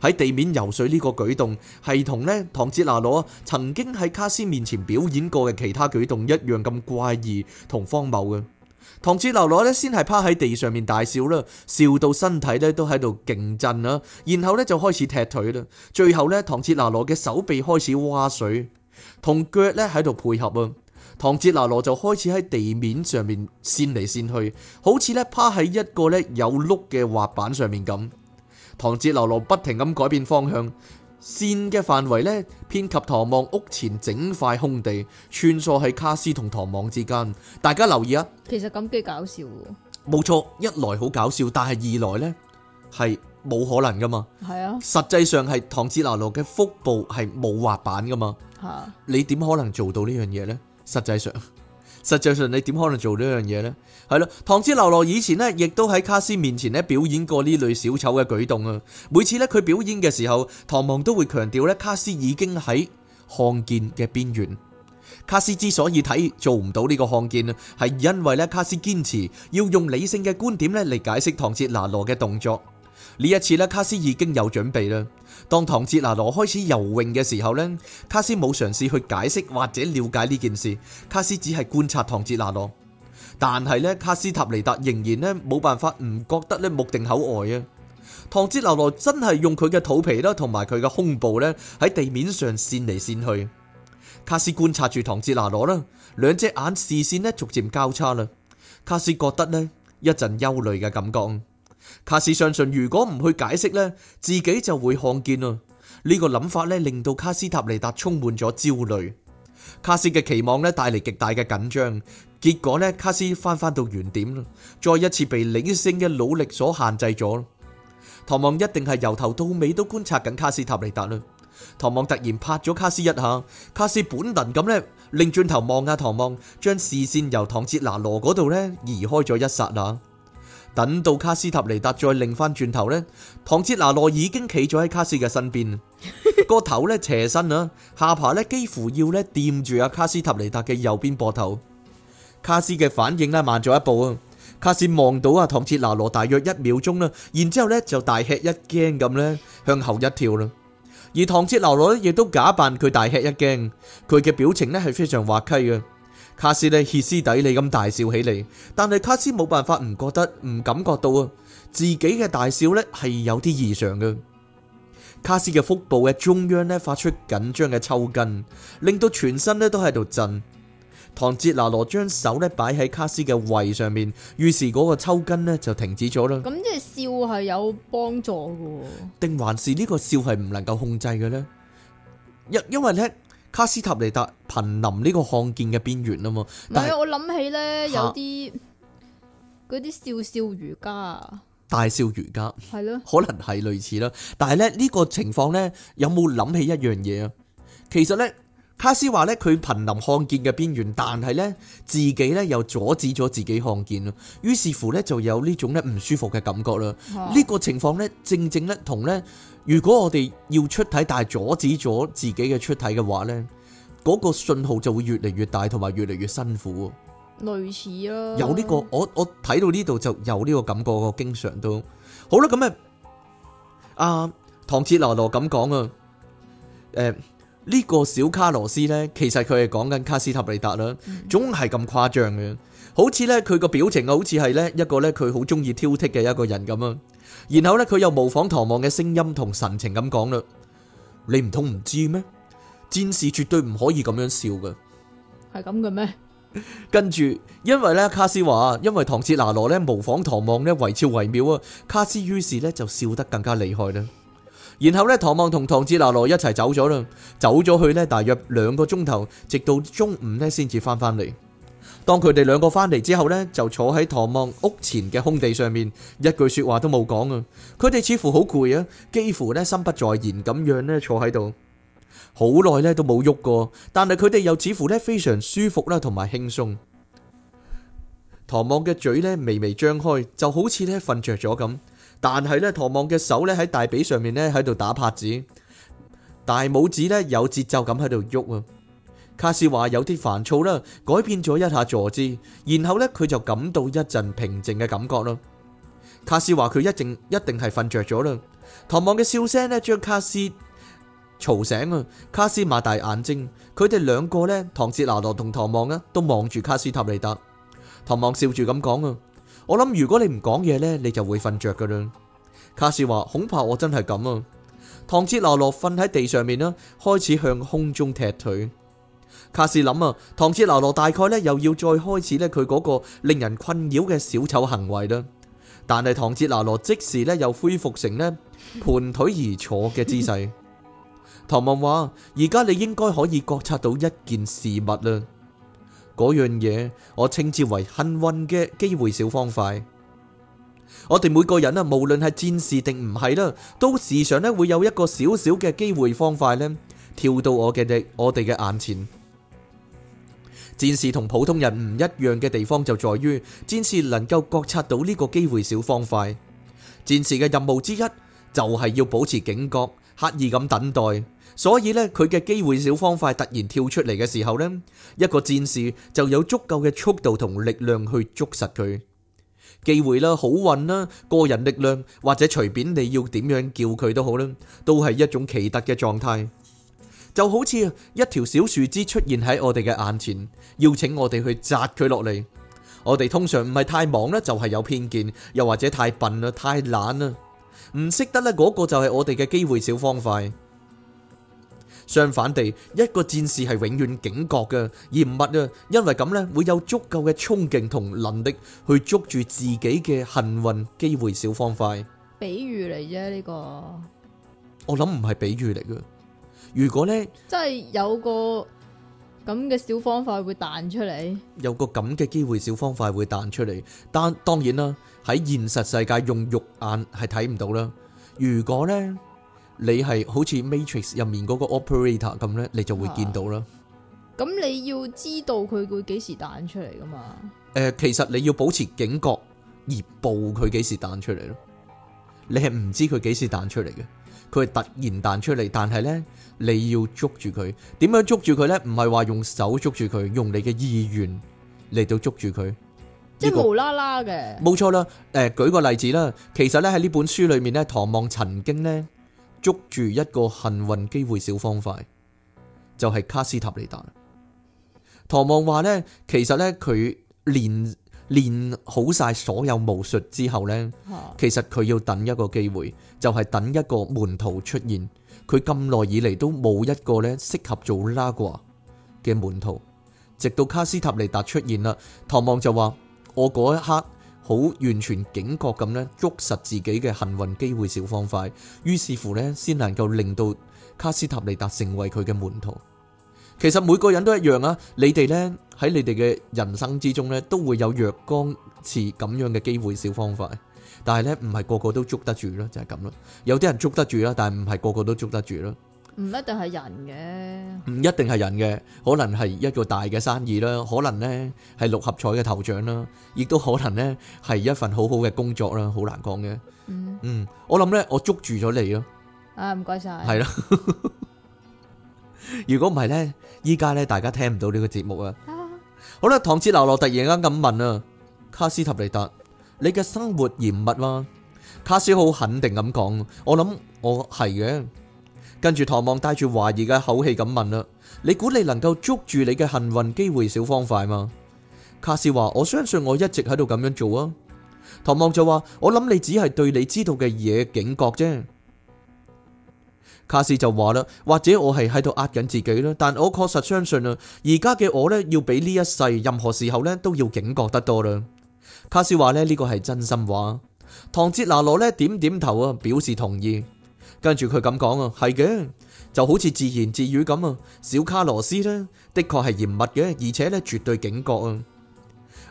喺地面游水呢個舉動係同呢唐哲拿羅曾經喺卡斯面前表演過嘅其他舉動一樣咁怪異同荒謬嘅。唐哲拿羅咧，先係趴喺地上面大笑啦，笑到身體咧都喺度勁震啦，然後咧就開始踢腿啦，最後咧唐哲拿羅嘅手臂開始挖水，同腳咧喺度配合啊，唐哲拿羅就開始喺地面上面閃嚟閃去，好似咧趴喺一個咧有碌嘅滑板上面咁，唐哲拿羅不停咁改變方向。線嘅範圍呢，遍及唐望屋前整塊空地，穿梭喺卡斯同唐望之間。大家留意啊！其實咁幾搞笑嘅。冇錯，一來好搞笑，但係二來呢，係冇可能噶嘛。係啊，實際上係唐治拿羅嘅腹部係冇滑板噶嘛。吓、啊，你點可能做到呢樣嘢呢？實際上。實際上你點可能做呢樣嘢呢？係啦，唐哲拿羅以前呢，亦都喺卡斯面前呢表演過呢類小丑嘅舉動啊。每次咧佢表演嘅時候，唐望都會強調咧，卡斯已經喺看見嘅邊緣。卡斯之所以睇做唔到呢個看見，係因為咧卡斯堅持要用理性嘅觀點咧嚟解釋唐哲拿羅嘅動作。呢一次咧，卡斯已經有準備啦。當唐哲拿羅開始游泳嘅時候呢，卡斯冇嘗試去解釋或者了解呢件事。卡斯只係觀察唐哲拿羅，但係呢卡斯塔尼達仍然咧冇辦法唔覺得咧目定口呆啊！唐哲拿羅真係用佢嘅肚皮啦，同埋佢嘅胸部咧喺地面上扇嚟扇去。卡斯觀察住唐哲拿羅啦，兩隻眼視線咧逐漸交叉啦。卡斯覺得呢一陣憂慮嘅感覺。卡斯相信，如果唔去解釋呢，自己就會看見啊！呢、這個諗法呢，令到卡斯塔尼達充滿咗焦慮。卡斯嘅期望呢，帶嚟極大嘅緊張。結果呢，卡斯翻翻到原點，再一次被理性嘅努力所限制咗。唐望一定係由頭到尾都觀察緊卡斯塔尼達啦。唐望突然拍咗卡斯一下，卡斯本能咁呢，擰轉頭望下唐望，將視線由唐哲拿羅嗰度呢移開咗一剎那。等到卡斯塔尼達再擰翻轉頭呢，唐切拿羅已經企咗喺卡斯嘅身邊，個 頭呢斜身啊，下巴呢幾乎要呢掂住阿卡斯塔尼達嘅右邊膊頭。卡斯嘅反應呢慢咗一步啊！卡斯望到阿唐切拿羅大約一秒鐘啦，然之後呢就大吃一驚咁呢向後一跳啦。而唐切拿羅呢亦都假扮佢大吃一驚，佢嘅表情呢係非常滑稽嘅。卡斯咧歇斯底里咁大笑起嚟，但係卡斯冇辦法唔覺得唔感覺到啊，自己嘅大笑咧係有啲異常嘅。卡斯嘅腹部嘅中央咧發出緊張嘅抽筋，令到全身咧都喺度震。唐哲拿羅將手咧擺喺卡斯嘅胃上面，於是嗰個抽筋咧就停止咗啦。咁即係笑係有幫助嘅，定還是呢個笑係唔能夠控制嘅咧？因因為咧。卡斯塔尼達瀕臨呢個看見嘅邊緣啊嘛，但係我諗起呢，有啲嗰啲笑笑瑜伽大笑瑜伽係咯，了可能係類似啦。但係呢，呢個情況呢，有冇諗起一樣嘢啊？其實呢，卡斯話呢，佢瀕臨看見嘅邊緣，但係呢，自己呢又阻止咗自己看見咯，於是乎呢，就有呢種咧唔舒服嘅感覺啦。呢哈個情況呢，正正咧同呢，如果我哋要出體，但係阻止咗自己嘅出體嘅話呢，嗰個信號就會越嚟越大，同埋越嚟越辛苦。類似咯，有呢個，我我睇到呢度就有呢個感覺，我經常都好啦。咁啊，阿唐哲羅羅咁講啊，誒，呢個小卡羅斯呢，其實佢係講緊卡斯塔利達啦，總係咁誇張嘅。好似呢，佢個表情好似係呢一個呢，佢好中意挑剔嘅一個人咁啊。然後呢，佢又模仿唐望嘅聲音同神情咁講啦。你唔通唔知咩？戰士絕對唔可以咁樣笑嘅，係咁嘅咩？跟住，因為呢卡斯話，因為唐切拿羅呢模仿唐望呢惟肖惟妙啊。卡斯於是呢就笑得更加厲害啦。然後呢，唐望同唐切拿羅一齊走咗啦，走咗去呢大約兩個鐘頭，直到中午呢先至翻返嚟。當佢哋兩個翻嚟之後呢，就坐喺唐望屋前嘅空地上面，一句說話都冇講啊！佢哋似乎好攰啊，幾乎咧心不在焉咁樣咧坐喺度，好耐呢都冇喐過。但係佢哋又似乎咧非常舒服啦，同埋輕鬆。唐望嘅嘴咧微微張開，就好似咧瞓着咗咁。但係呢，唐望嘅手咧喺大髀上面咧喺度打拍子，大拇指呢有節奏咁喺度喐啊！卡斯話有啲煩躁啦，改變咗一下坐姿，然後呢，佢就感到一陣平靜嘅感覺啦。卡斯話佢一定一定係瞓着咗啦。唐望嘅笑聲咧將卡斯嘈醒啊。卡斯擘大眼睛，佢哋兩個呢，唐哲拿羅同唐望啊，都望住卡斯塔利達。唐望笑住咁講啊，我諗如果你唔講嘢呢，你就會瞓着噶啦。卡斯話恐怕我真係咁啊。唐哲拿羅瞓喺地上面啦，開始向空中踢腿。卡士諗啊，唐哲拿羅大概呢又要再開始呢，佢嗰個令人困擾嘅小丑行為啦。但係唐哲拿羅即時呢又恢復成呢盤腿而坐嘅姿勢。 唐望話：而家你應該可以覺察到一件事物啦，嗰樣嘢我稱之為幸運嘅機會小方塊。我哋每個人啊，無論係戰士定唔係啦，都時常呢會有一個小小嘅機會方塊呢，跳到我嘅我哋嘅眼前。戰士同普通人唔一樣嘅地方就在於，戰士能夠覺察到呢個機會小方塊。戰士嘅任務之一就係要保持警覺，刻意咁等待。所以呢，佢嘅機會小方塊突然跳出嚟嘅時候呢，一個戰士就有足夠嘅速度同力量去捉實佢。機會啦，好運啦，個人力量或者隨便你要點樣叫佢都好啦，都係一種奇特嘅狀態。就好似一條小樹枝出現喺我哋嘅眼前，邀請我哋去摘佢落嚟。我哋通常唔係太忙咧，就係、是、有偏見，又或者太笨啦、太懶啦，唔識得呢嗰、那個就係我哋嘅機會小方塊。相反地，一個戰士係永遠警覺嘅，嚴密啊，因為咁呢會有足夠嘅衝勁同能力去捉住自己嘅幸運機會小方塊。比喻嚟啫，呢、這個我諗唔係比喻嚟嘅。如果呢，即係有個咁嘅小方法會彈出嚟，有個咁嘅機會小方法會彈出嚟，但當然啦，喺現實世界用肉眼係睇唔到啦。如果咧你係好似 Matrix 入面嗰個 operator 咁呢，你就會見到啦。咁、啊、你要知道佢會幾時彈出嚟噶嘛？誒、呃，其實你要保持警覺而報佢幾時彈出嚟咯。你係唔知佢幾時彈出嚟嘅。佢係突然彈出嚟，但係呢，你要捉住佢，點樣捉住佢呢？唔係話用手捉住佢，用你嘅意願嚟到捉住佢，即係無啦啦嘅。冇錯啦，誒、呃，舉個例子啦，其實呢，喺呢本書裏面呢，唐望曾經呢捉住一個幸運機會小方塊，就係、是、卡斯塔尼達。唐望話呢，其實呢，佢連。練好晒所有巫術之後呢，其實佢要等一個機會，就係、是、等一個門徒出現。佢咁耐以嚟,都冇一個咧適合做拉掛嘅門徒，直到卡斯塔尼達出現啦。唐望就話：我嗰一刻好完全警覺咁呢，捉實自己嘅幸運機會小方塊，於是乎呢，先能夠令到卡斯塔尼達成為佢嘅門徒。其實每個人都一樣啊，你哋咧喺你哋嘅人生之中咧都會有若干次咁樣嘅機會、小方法，但係咧唔係個個都捉得住咯，就係咁咯。有啲人捉得住啦，但係唔係個個都捉得住咯。唔一定係人嘅，唔一定係人嘅，可能係一個大嘅生意啦，可能咧係六合彩嘅頭獎啦，亦都可能咧係一份好好嘅工作啦，好難講嘅。嗯，我諗咧，我捉住咗你咯。啊，唔該晒。係咯，如果唔係咧。依家咧，大家聽唔到呢個節目啊！ 好啦，唐哲流落突然間咁問啊，卡斯塔尼達，你嘅生活嚴密嗎？卡斯好肯定咁講，我諗我係嘅。跟住唐望帶住懷疑嘅口氣咁問啦、啊，你估你能夠捉住你嘅幸運機會小方塊嗎？卡斯話：我相信我一直喺度咁樣做啊。唐望就話：我諗你只係對你知道嘅嘢警覺啫。卡斯就話啦，或者我係喺度壓緊自己啦，但我確實相信啊，而家嘅我呢，要比呢一世任何時候呢都要警覺得多啦。卡斯話呢，呢個係真心話。唐切拿羅呢點點頭啊，表示同意。跟住佢咁講啊，係嘅，就好似自言自語咁啊。小卡羅斯呢，的確係嚴密嘅，而且呢，絕對警覺啊。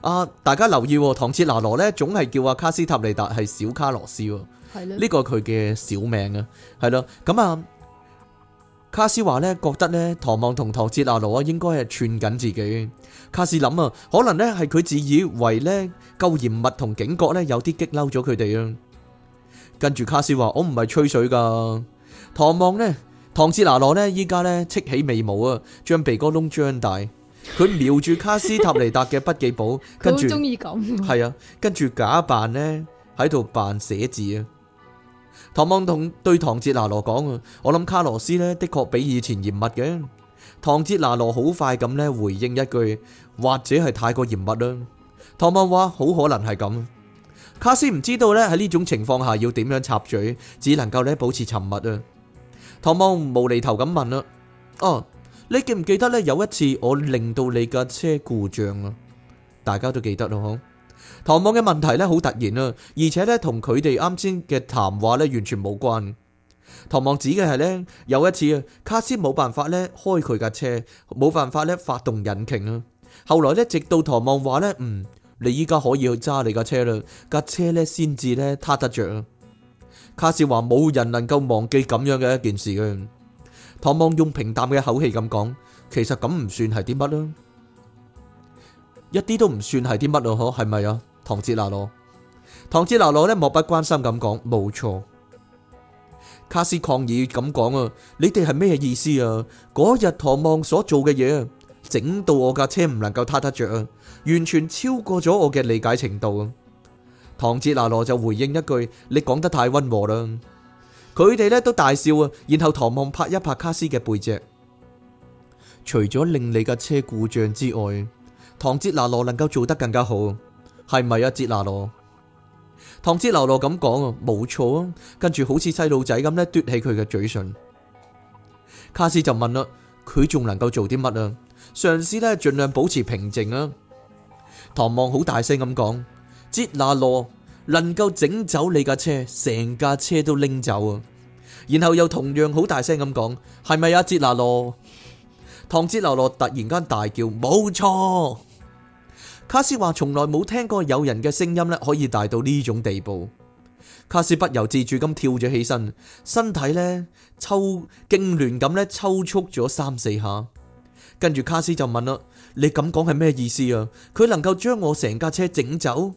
啊，大家留意，唐切拿羅呢，總係叫阿卡斯塔利達係小卡羅斯。係啦，呢個佢嘅小名啊，係咯，咁啊，卡斯話呢覺得呢，唐望同唐哲拿羅啊，應該係串緊自己。卡斯諗啊，可能呢係佢自以為呢夠嚴密同警覺呢有啲激嬲咗佢哋啊。跟住卡斯話：我唔係吹水㗎。唐望呢，唐哲拿羅呢，依家呢，戚起眉毛啊，將鼻哥窿張大，佢瞄住卡斯塔尼達嘅筆記簿， 啊、跟住中意咁，係啊，跟住假扮呢，喺度扮寫字啊。唐望同對唐哲拿羅講啊，我諗卡羅斯呢，的確比以前嚴密嘅。唐哲拿羅好快咁呢，回應一句，或者係太過嚴密啦。唐望話好可能係咁。卡斯唔知道呢，喺呢種情況下要點樣插嘴，只能夠呢保持沉默啊。唐望無厘頭咁問啊，哦，你記唔記得呢？有一次我令到你架車故障啊？大家都記得咯。唐望嘅問題咧好突然啊，而且咧同佢哋啱先嘅談話咧完全冇關。唐望指嘅係咧有一次啊，卡斯冇辦法咧開佢架車，冇辦法咧發動引擎啊。後來咧直到唐望話咧，嗯，你依家可以去揸你架車啦，架車咧先至咧撻得着啊。卡斯話冇人能夠忘記咁樣嘅一件事嘅。唐望用平淡嘅口氣咁講，其實咁唔算係啲乜啦，一啲都唔算係啲乜咯，嗬，係咪啊？唐哲拿羅，唐哲拿羅呢漠不關心咁講，冇錯。卡斯抗議咁講啊，你哋係咩意思啊？嗰日唐望所做嘅嘢，整到我架車唔能夠撻得着，完全超過咗我嘅理解程度。唐哲拿羅就回應一句：你講得太溫和啦。佢哋呢都大笑啊。然後唐望拍一拍卡斯嘅背脊，除咗令你架車故障之外，唐哲拿羅能夠做得更加好。係咪啊，杰拿羅？唐哲流羅咁講啊，冇錯啊，跟住好似細路仔咁咧，嘟起佢嘅嘴唇。卡斯就問啦，佢仲能夠做啲乜啊？嘗試咧，盡量保持平靜啊。唐望好大聲咁講，杰拿羅能夠整走你架車，成架車都拎走啊！然後又同樣好大聲咁講，係咪啊，杰拿羅？唐哲流羅突然間大叫，冇錯。卡斯話從來冇聽過有人嘅聲音咧可以大到呢種地步。卡斯不由自主咁跳咗起身，身體咧抽痙攣咁咧抽搐咗三四下。跟住卡斯就問啦：你咁講係咩意思啊？佢能夠將我成架車整走？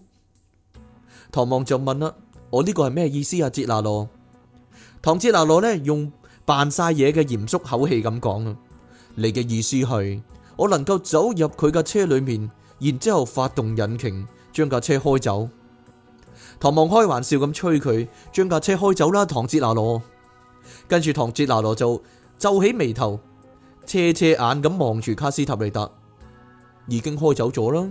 唐望就問啦：我呢個係咩意思啊？傑拿羅，唐傑拿羅咧用扮晒嘢嘅嚴肅口氣咁講啦：你嘅意思係我能夠走入佢架車裏面？然之後發動引擎，將架車開走。唐望開玩笑咁催佢，將架車開走啦，唐哲拿羅。跟住唐哲拿羅就皺起眉頭，斜斜眼咁望住卡斯塔利達，已經開走咗啦。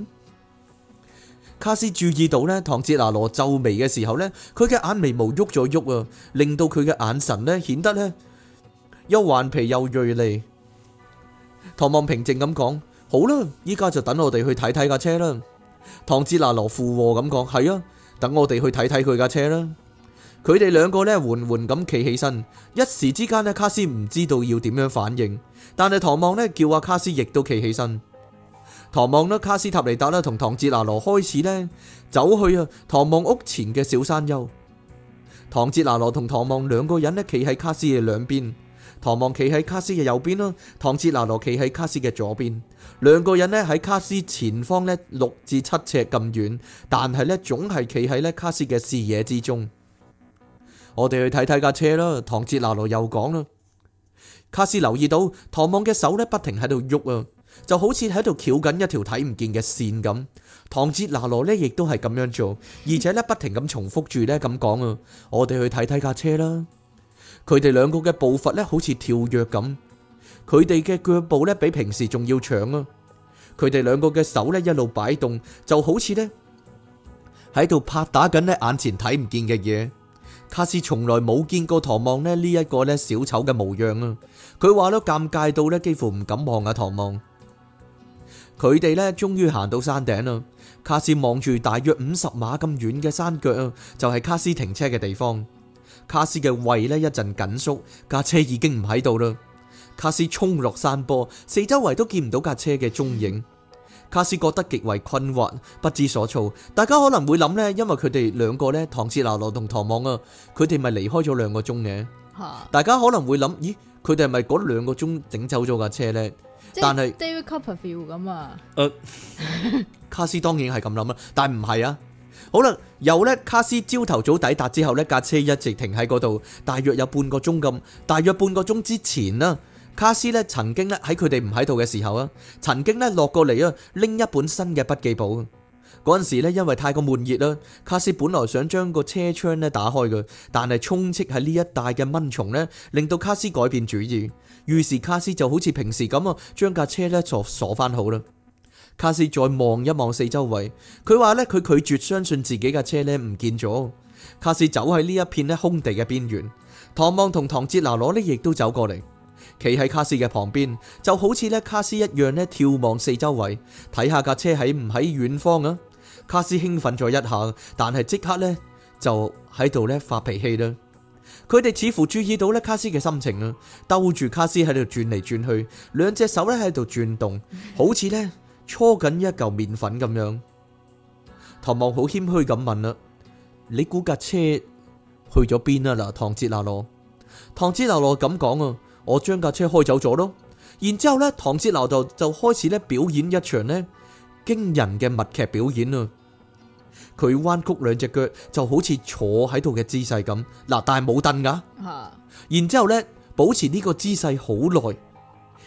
卡斯注意到呢，唐哲拿羅皺眉嘅時候呢，佢嘅眼眉毛喐咗喐啊，令到佢嘅眼神呢顯得呢，又頑皮又銳利。唐望平靜咁講。好啦，依家就等我哋去睇睇架車啦。唐哲拿羅附和咁講：係啊，等我哋去睇睇佢架車啦。佢哋兩個呢緩緩咁企起身，一時之間呢卡斯唔知道要點樣反應，但係唐望呢叫阿卡斯亦都企起身。唐望呢，卡斯塔尼達呢同唐哲拿羅開始呢走去啊唐望屋前嘅小山丘。唐哲拿羅同唐望兩個人呢企喺卡斯嘅兩邊。唐望企喺卡斯嘅右邊咯，唐哲拿羅企喺卡斯嘅左邊。兩個人咧喺卡斯前方咧六至七尺咁遠，但係咧總係企喺咧卡斯嘅視野之中。我哋去睇睇架車啦。唐哲拿羅又講啦，卡斯留意到唐望嘅手咧不停喺度喐啊，就好似喺度翹緊一條睇唔見嘅線咁。唐哲拿羅呢亦都係咁樣做，而且咧不停咁重複住呢咁講啊。我哋去睇睇架車啦。佢哋兩個嘅步伐呢好似跳躍咁。佢哋嘅腳步咧比平時仲要長啊！佢哋兩個嘅手咧一路擺動，就好似咧喺度拍打緊咧眼前睇唔見嘅嘢。卡斯從來冇見過唐望咧呢一個咧小丑嘅模樣啊！佢話都尷尬到咧幾乎唔敢望啊唐望。佢哋咧終於行到山頂啦！卡斯望住大約五十碼咁遠嘅山腳啊，就係、是、卡斯停車嘅地方。卡斯嘅胃咧一陣緊縮，架車已經唔喺度啦。卡斯衝落山坡，四周圍都見唔到架車嘅蹤影。卡斯覺得極為困惑，不知所措。大家可能會諗呢，因為佢哋兩個呢，唐斯拿羅同唐望啊，佢哋咪離開咗兩個鐘嘅。哈大家可能會諗，咦，佢哋係咪嗰兩個鐘整走咗架車呢？即係但係是 David Copperfield 咁啊？呃、 卡斯當然係咁諗啦，但唔係啊。好啦，有呢。卡斯朝頭早抵達之後呢，架車一直停喺嗰度，大約有半個鐘咁。大約半個鐘之前啦。卡斯咧曾經咧喺佢哋唔喺度嘅時候啊，曾經咧落過嚟啊拎，一本新嘅筆記簿。嗰陣時咧因為太過悶熱啦，卡斯本來想將個車窗咧打開嘅，但係充斥喺呢一帶嘅蚊蟲咧，令到卡斯改變主意。於是卡斯就好似平時咁啊，將架車咧鎖鎖翻好啦。卡斯再望一望四周圍，佢話咧佢拒絕相信自己架車咧唔見咗。卡斯走喺呢一片咧空地嘅邊緣，唐望同唐哲拿攞亦都走過嚟。企喺卡斯嘅旁邊，就好似咧卡斯一樣咧，眺望四周圍，睇下架車喺唔喺遠方啊！卡斯興奮咗一下，但係即刻咧就喺度咧發脾氣啦。佢哋似乎注意到咧卡斯嘅心情啊，兜住卡斯喺度轉嚟轉去，兩隻手咧喺度轉動，好似咧搓緊一嚿麵粉咁樣。唐望好謙虛咁問啦：你估架車去咗邊啊？嗱，唐哲拿羅，唐哲拿羅咁講啊！我將架車開走咗咯，然之後咧，唐望就就開始咧表演一場咧驚人嘅默劇表演啦。佢彎曲兩隻腳就好似坐喺度嘅姿勢咁嗱，但係冇凳噶。啊、然之後咧保持呢個姿勢好耐，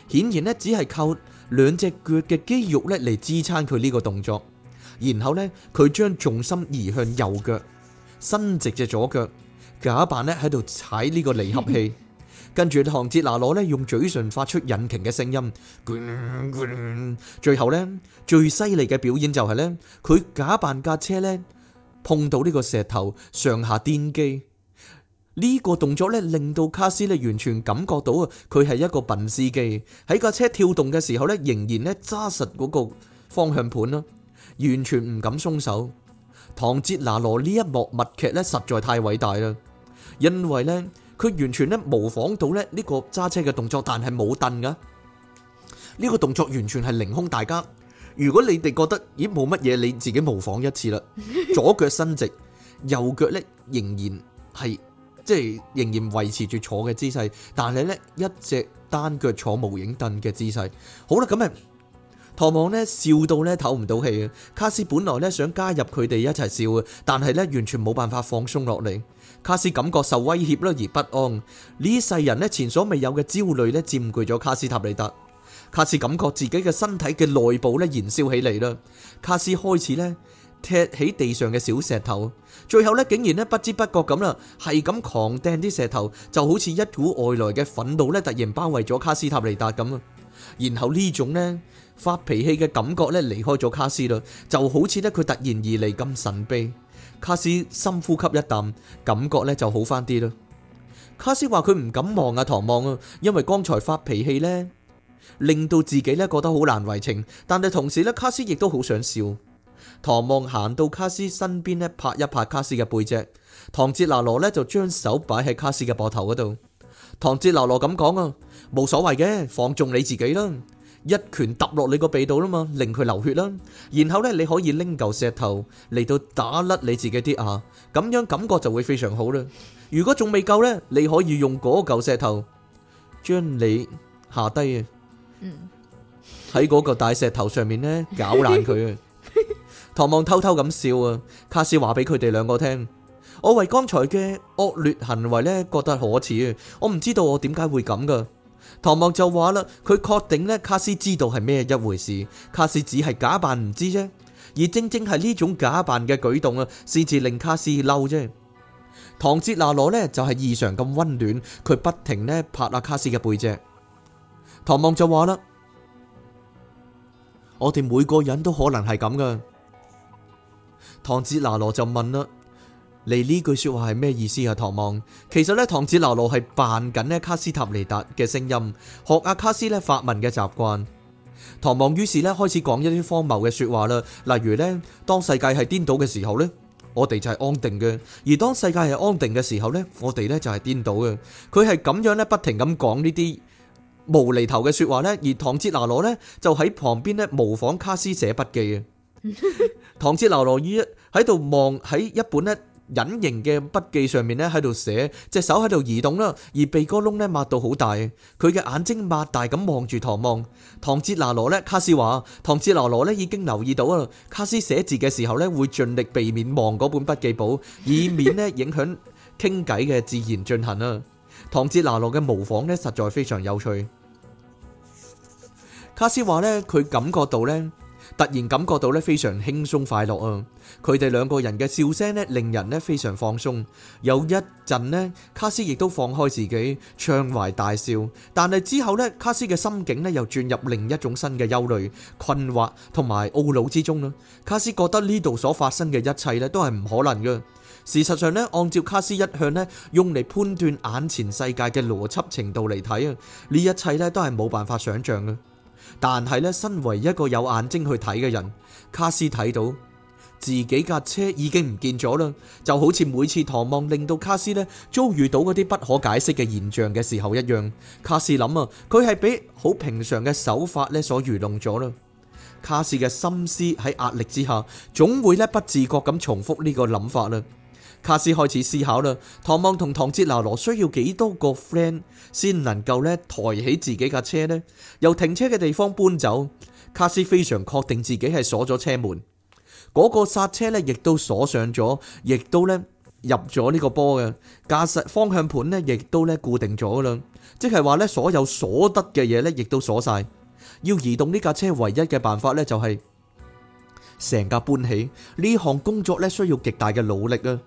顯然呢，只係靠兩隻腳嘅肌肉咧嚟支撐佢呢個動作。然後呢，佢將重心移向右腳，伸直隻左腳，假扮呢喺度踩呢個離合器。 跟住唐哲拿羅咧，用嘴唇發出引擎嘅聲音。最後咧，最犀利嘅表演就係咧，佢假扮架車咧，碰到呢個石頭上下顛機。呢個動作咧，令到卡斯咧完全感覺到啊，佢係一個笨司機。喺架車跳動嘅時候咧，仍然咧揸實嗰個方向盤啦，完全唔敢鬆手。唐哲拿羅呢一幕默劇咧，實在太偉大啦，因為咧。佢完全咧模仿到咧呢個揸車嘅動作，但係冇凳噶。呢、這個動作完全係凌空。大家如果你哋覺得咦冇乜嘢，你自己模仿一次啦。左腳伸直，右腳咧仍然係即係仍然維持住坐嘅姿勢，但係咧一隻單腳坐無影凳嘅姿勢。好啦，咁咪唐望咧笑到咧唞唔到氣啊！卡斯本來咧想加入佢哋一齊笑啊，但係咧完全冇辦法放鬆落嚟。卡斯感覺受威脅啦而不安，呢世人咧前所未有嘅焦慮咧佔據咗卡斯塔尼達。卡斯感覺自己嘅身體嘅內部咧燃燒起嚟啦。卡斯開始咧踢起地上嘅小石頭，最後咧竟然咧不知不覺咁啦，係咁狂掟啲石頭，就好似一股外來嘅憤怒咧突然包圍咗卡斯塔尼達咁啊。然後呢種咧發脾氣嘅感覺咧離開咗卡斯啦，就好似咧佢突然而嚟咁神秘。卡斯深呼吸一啖，感覺咧就好翻啲啦。卡斯話佢唔敢望啊，唐望啊，因為剛才發脾氣呢，令到自己咧覺得好難為情。但係同時咧，卡斯亦都好想笑。唐望行到卡斯身邊咧，拍一拍卡斯嘅背脊。唐哲拿羅咧就將手擺喺卡斯嘅膊頭嗰度。唐哲拿羅咁講啊，冇所謂嘅，放縱你自己啦。一拳揼落你個鼻度啦嘛，令佢流血啦。然後呢，你可以拎嚿石頭嚟到打甩你自己啲牙，咁樣感覺就會非常好啦。如果仲未夠呢，你可以用嗰嚿石頭將你下低啊。嗯，喺嗰個大石頭上面呢，搞爛佢啊。唐望偷偷咁笑啊。卡士話俾佢哋兩個聽：我為剛才嘅惡劣行為呢，覺得可恥啊。我唔知道我點解會咁噶。唐望就話啦，佢確定咧，卡斯知道係咩一回事，卡斯只係假扮唔知啫，而正正係呢種假扮嘅舉動啊，先至令卡斯嬲啫。唐哲拿羅呢就係異常咁溫暖，佢不停呢拍阿卡斯嘅背脊。唐望就話啦，我哋每個人都可能係咁噶。唐哲拿羅就問啦。你呢句說話係咩意思啊？唐望，其實咧，唐哲拿羅係扮緊呢卡斯塔尼達嘅聲音，學阿、啊、卡斯咧發問嘅習慣。唐望於是咧開始講一啲荒謬嘅說話啦，例如咧，當世界係顛倒嘅時候咧，我哋就係安定嘅；而當世界係安定嘅時候咧，我哋咧就係顛倒嘅。佢係咁樣咧不停咁講呢啲無厘頭嘅說話咧，而唐哲拿羅咧就喺旁邊咧模仿卡斯寫筆記嘅。 唐哲拿羅依一喺度望喺一本咧。隱形嘅筆記上面咧喺度寫，隻手喺度移動啦，而鼻哥窿咧擘到好大，佢嘅眼睛擘大咁望住唐望。唐哲拿羅咧，卡斯話：唐哲拿羅咧已經留意到啊。卡斯寫字嘅時候咧會盡力避免望嗰本筆記簿，以免咧影響傾偈嘅自然進行啊。 唐哲拿羅嘅模仿咧實在非常有趣。卡斯話咧，佢感覺到咧。突然感覺到咧非常輕鬆快樂啊！佢哋兩個人嘅笑聲咧，令人咧非常放鬆。有一陣咧，卡斯亦都放開自己，暢懷大笑。但係之後咧，卡斯嘅心境咧又轉入另一種新嘅憂慮、困惑同埋懊惱之中啦。卡斯覺得呢度所發生嘅一切咧都係唔可能嘅。事實上咧，按照卡斯一向咧用嚟判斷眼前世界嘅邏輯程度嚟睇啊，呢一切咧都係冇辦法想象嘅。但係咧，身為一個有眼睛去睇嘅人，卡斯睇到自己架車已經唔見咗啦，就好似每次唐望令到卡斯咧遭遇到嗰啲不可解釋嘅現象嘅時候一樣，卡斯諗啊，佢係俾好平常嘅手法咧所愚弄咗啦。卡斯嘅心思喺壓力之下，總會咧不自覺咁重複呢個諗法啦。卡斯開始思考啦，唐望同唐哲拿羅需要幾多個 friend 先能夠咧抬起自己架車呢？由停車嘅地方搬走。卡斯非常確定自己係鎖咗車門，嗰個剎車咧亦都鎖上咗，亦都咧入咗呢個波嘅駕駛方向盤咧亦都咧固定咗啦，即係話咧所有鎖得嘅嘢咧亦都鎖晒。要移動呢架車，唯一嘅辦法咧就係成架搬起。呢項工作咧需要極大嘅努力啊！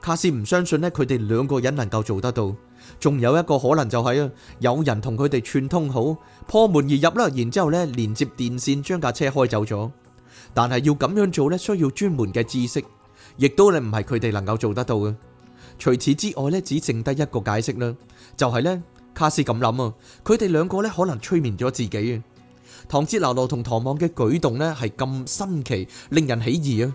卡斯唔相信咧，佢哋兩個人能夠做得到。仲有一個可能就係啊，有人同佢哋串通好，破門而入啦，然之後咧連接電線將架車開走咗。但係要咁樣做咧，需要專門嘅知識，亦都唔係佢哋能夠做得到嘅。除此之外咧，只剩低一個解釋啦，就係咧，卡斯咁諗啊，佢哋兩個咧可能催眠咗自己啊。唐哲拿羅同唐望嘅舉動咧係咁新奇，令人起疑啊。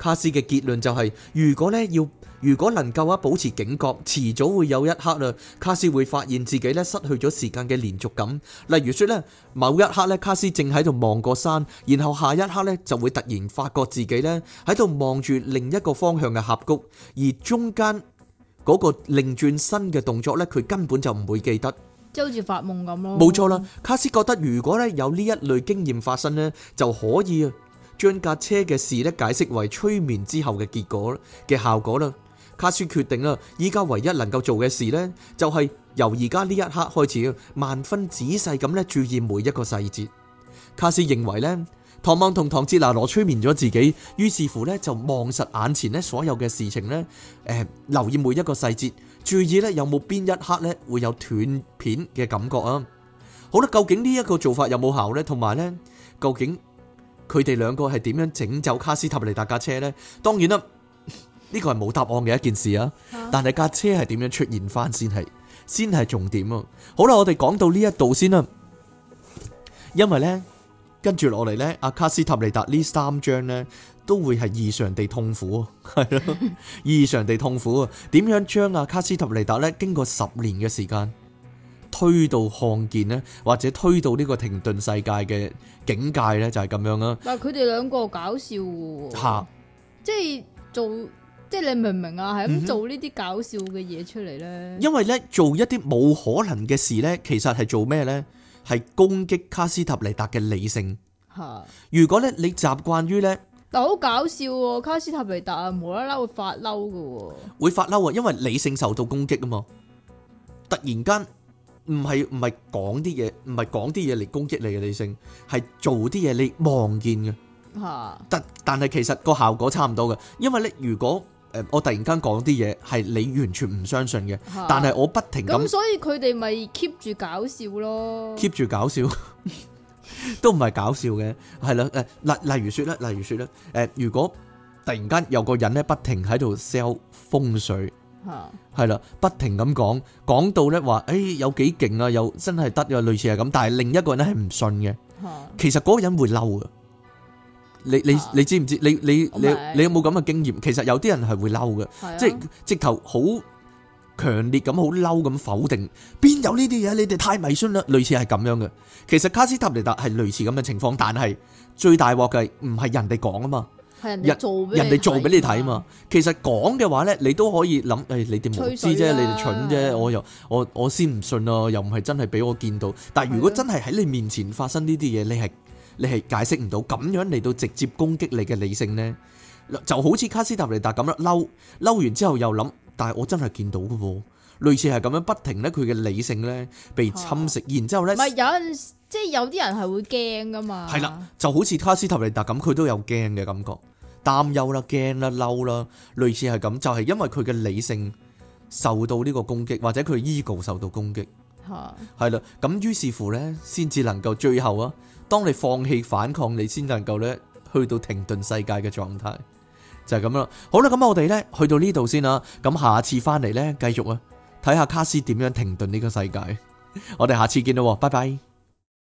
卡斯嘅結論就係，如果咧要，如果能夠啊保持警覺，遲早會有一刻啦，卡斯會發現自己咧失去咗時間嘅連續感。例如說咧，某一刻咧，卡斯正喺度望個山，然後下一刻咧就會突然發覺自己咧喺度望住另一個方向嘅峽谷，而中間嗰個擰轉身嘅動作咧，佢根本就唔會記得，即係好似發夢咁咯。冇錯啦，卡斯覺得如果咧有呢一類經驗發生咧，就可以。將架車嘅事咧解釋為催眠之後嘅結果嘅效果啦，卡斯決定啦，依家唯一能夠做嘅事咧就係由而家呢一刻開始萬分仔細咁咧注意每一個細節。卡斯認為呢唐望同唐哲娜攞催眠咗自己，於是乎呢就望實眼前咧所有嘅事情咧，誒、呃，留意每一個細節，注意咧有冇邊一刻咧會有斷片嘅感覺啊！好啦，究竟呢一個做法有冇效呢？同埋呢，究竟？佢哋兩個係點樣整走卡斯塔尼達架車呢？當然啦，呢個係冇答案嘅一件事啊。但係架車係點樣出現翻先係，先係重點啊！好啦，我哋講到呢一度先啦，因為呢，跟住落嚟呢，阿卡斯塔尼達呢三張呢，都會係異常地痛苦，係咯，異常地痛苦。啊。點樣將阿卡斯塔尼達呢經過十年嘅時間？推到看見咧，或者推到呢個停頓世界嘅境界咧，就係咁樣啦。但係佢哋兩個搞笑喎，吓，即係做，即係你明唔明啊？係咁做呢啲搞笑嘅嘢出嚟咧。因為咧做一啲冇可能嘅事咧，其實係做咩咧？係攻擊卡斯塔尼達嘅理性。吓，如果咧你習慣於咧，嗱，好搞笑喎！卡斯塔尼達啊無啦啦會發嬲噶，會發嬲啊！因為理性受到攻擊啊嘛，突然間。唔係唔係講啲嘢，唔係講啲嘢嚟攻擊你嘅理性，係做啲嘢你望見嘅。吓，但但係其實個效果差唔多嘅，因為咧，如果誒我突然間講啲嘢係你完全唔相信嘅，但係我不停咁，咁所以佢哋咪 keep 住搞笑咯，keep 住搞笑，都唔係搞笑嘅，係啦，誒，例例如說咧，例如說咧，誒，如果突然間有個人咧不停喺度 sell 風水。係啦，不停咁講，講到咧話，誒，有幾勁啊，又真係得啊，類似係咁。但係另一個人咧係唔信嘅，其實嗰個人會嬲嘅。你你你，你知唔知？你你你你有冇咁嘅經驗？其實有啲人係會嬲嘅，的即係直頭好強烈咁，好嬲咁否定，邊有呢啲嘢？你哋太迷信啦，類似係咁樣嘅。其實卡斯塔尼達係類似咁嘅情況，但係最大鑊嘅唔係人哋講啊嘛。係人哋做，人哋做俾你睇嘛。其實講嘅話呢，你都可以諗，誒你哋無知啫？你哋嘴蠢啫！我又，我我先唔信咯，啊。又唔係真係俾我見到。但如果真係喺你面前發生呢啲嘢，你係你係解釋唔到，咁樣嚟到直接攻擊你嘅理性呢，就好似卡斯塔尼達咁啦。嬲嬲完之後又諗，但係我真係見到嘅喎，類似係咁樣不停呢，佢嘅理性呢被侵蝕，啊、然之後呢。即係有啲人係會驚噶嘛，係啦，就好似卡斯特利達咁，佢都有驚嘅感覺，擔憂啦，驚啦，嬲啦，類似係咁，就係、是、因為佢嘅理性受到呢個攻擊，或者佢 ego 受到攻擊，係啦、啊，咁於是乎呢，先至能夠最後啊，當你放棄反抗你，你先能夠呢去到停頓世界嘅狀態，就係咁啦。好啦，咁我哋呢去到呢度先啦，咁下次翻嚟呢，繼續啊，睇下卡斯點樣停頓呢個世界。 我哋下次見啦，拜拜。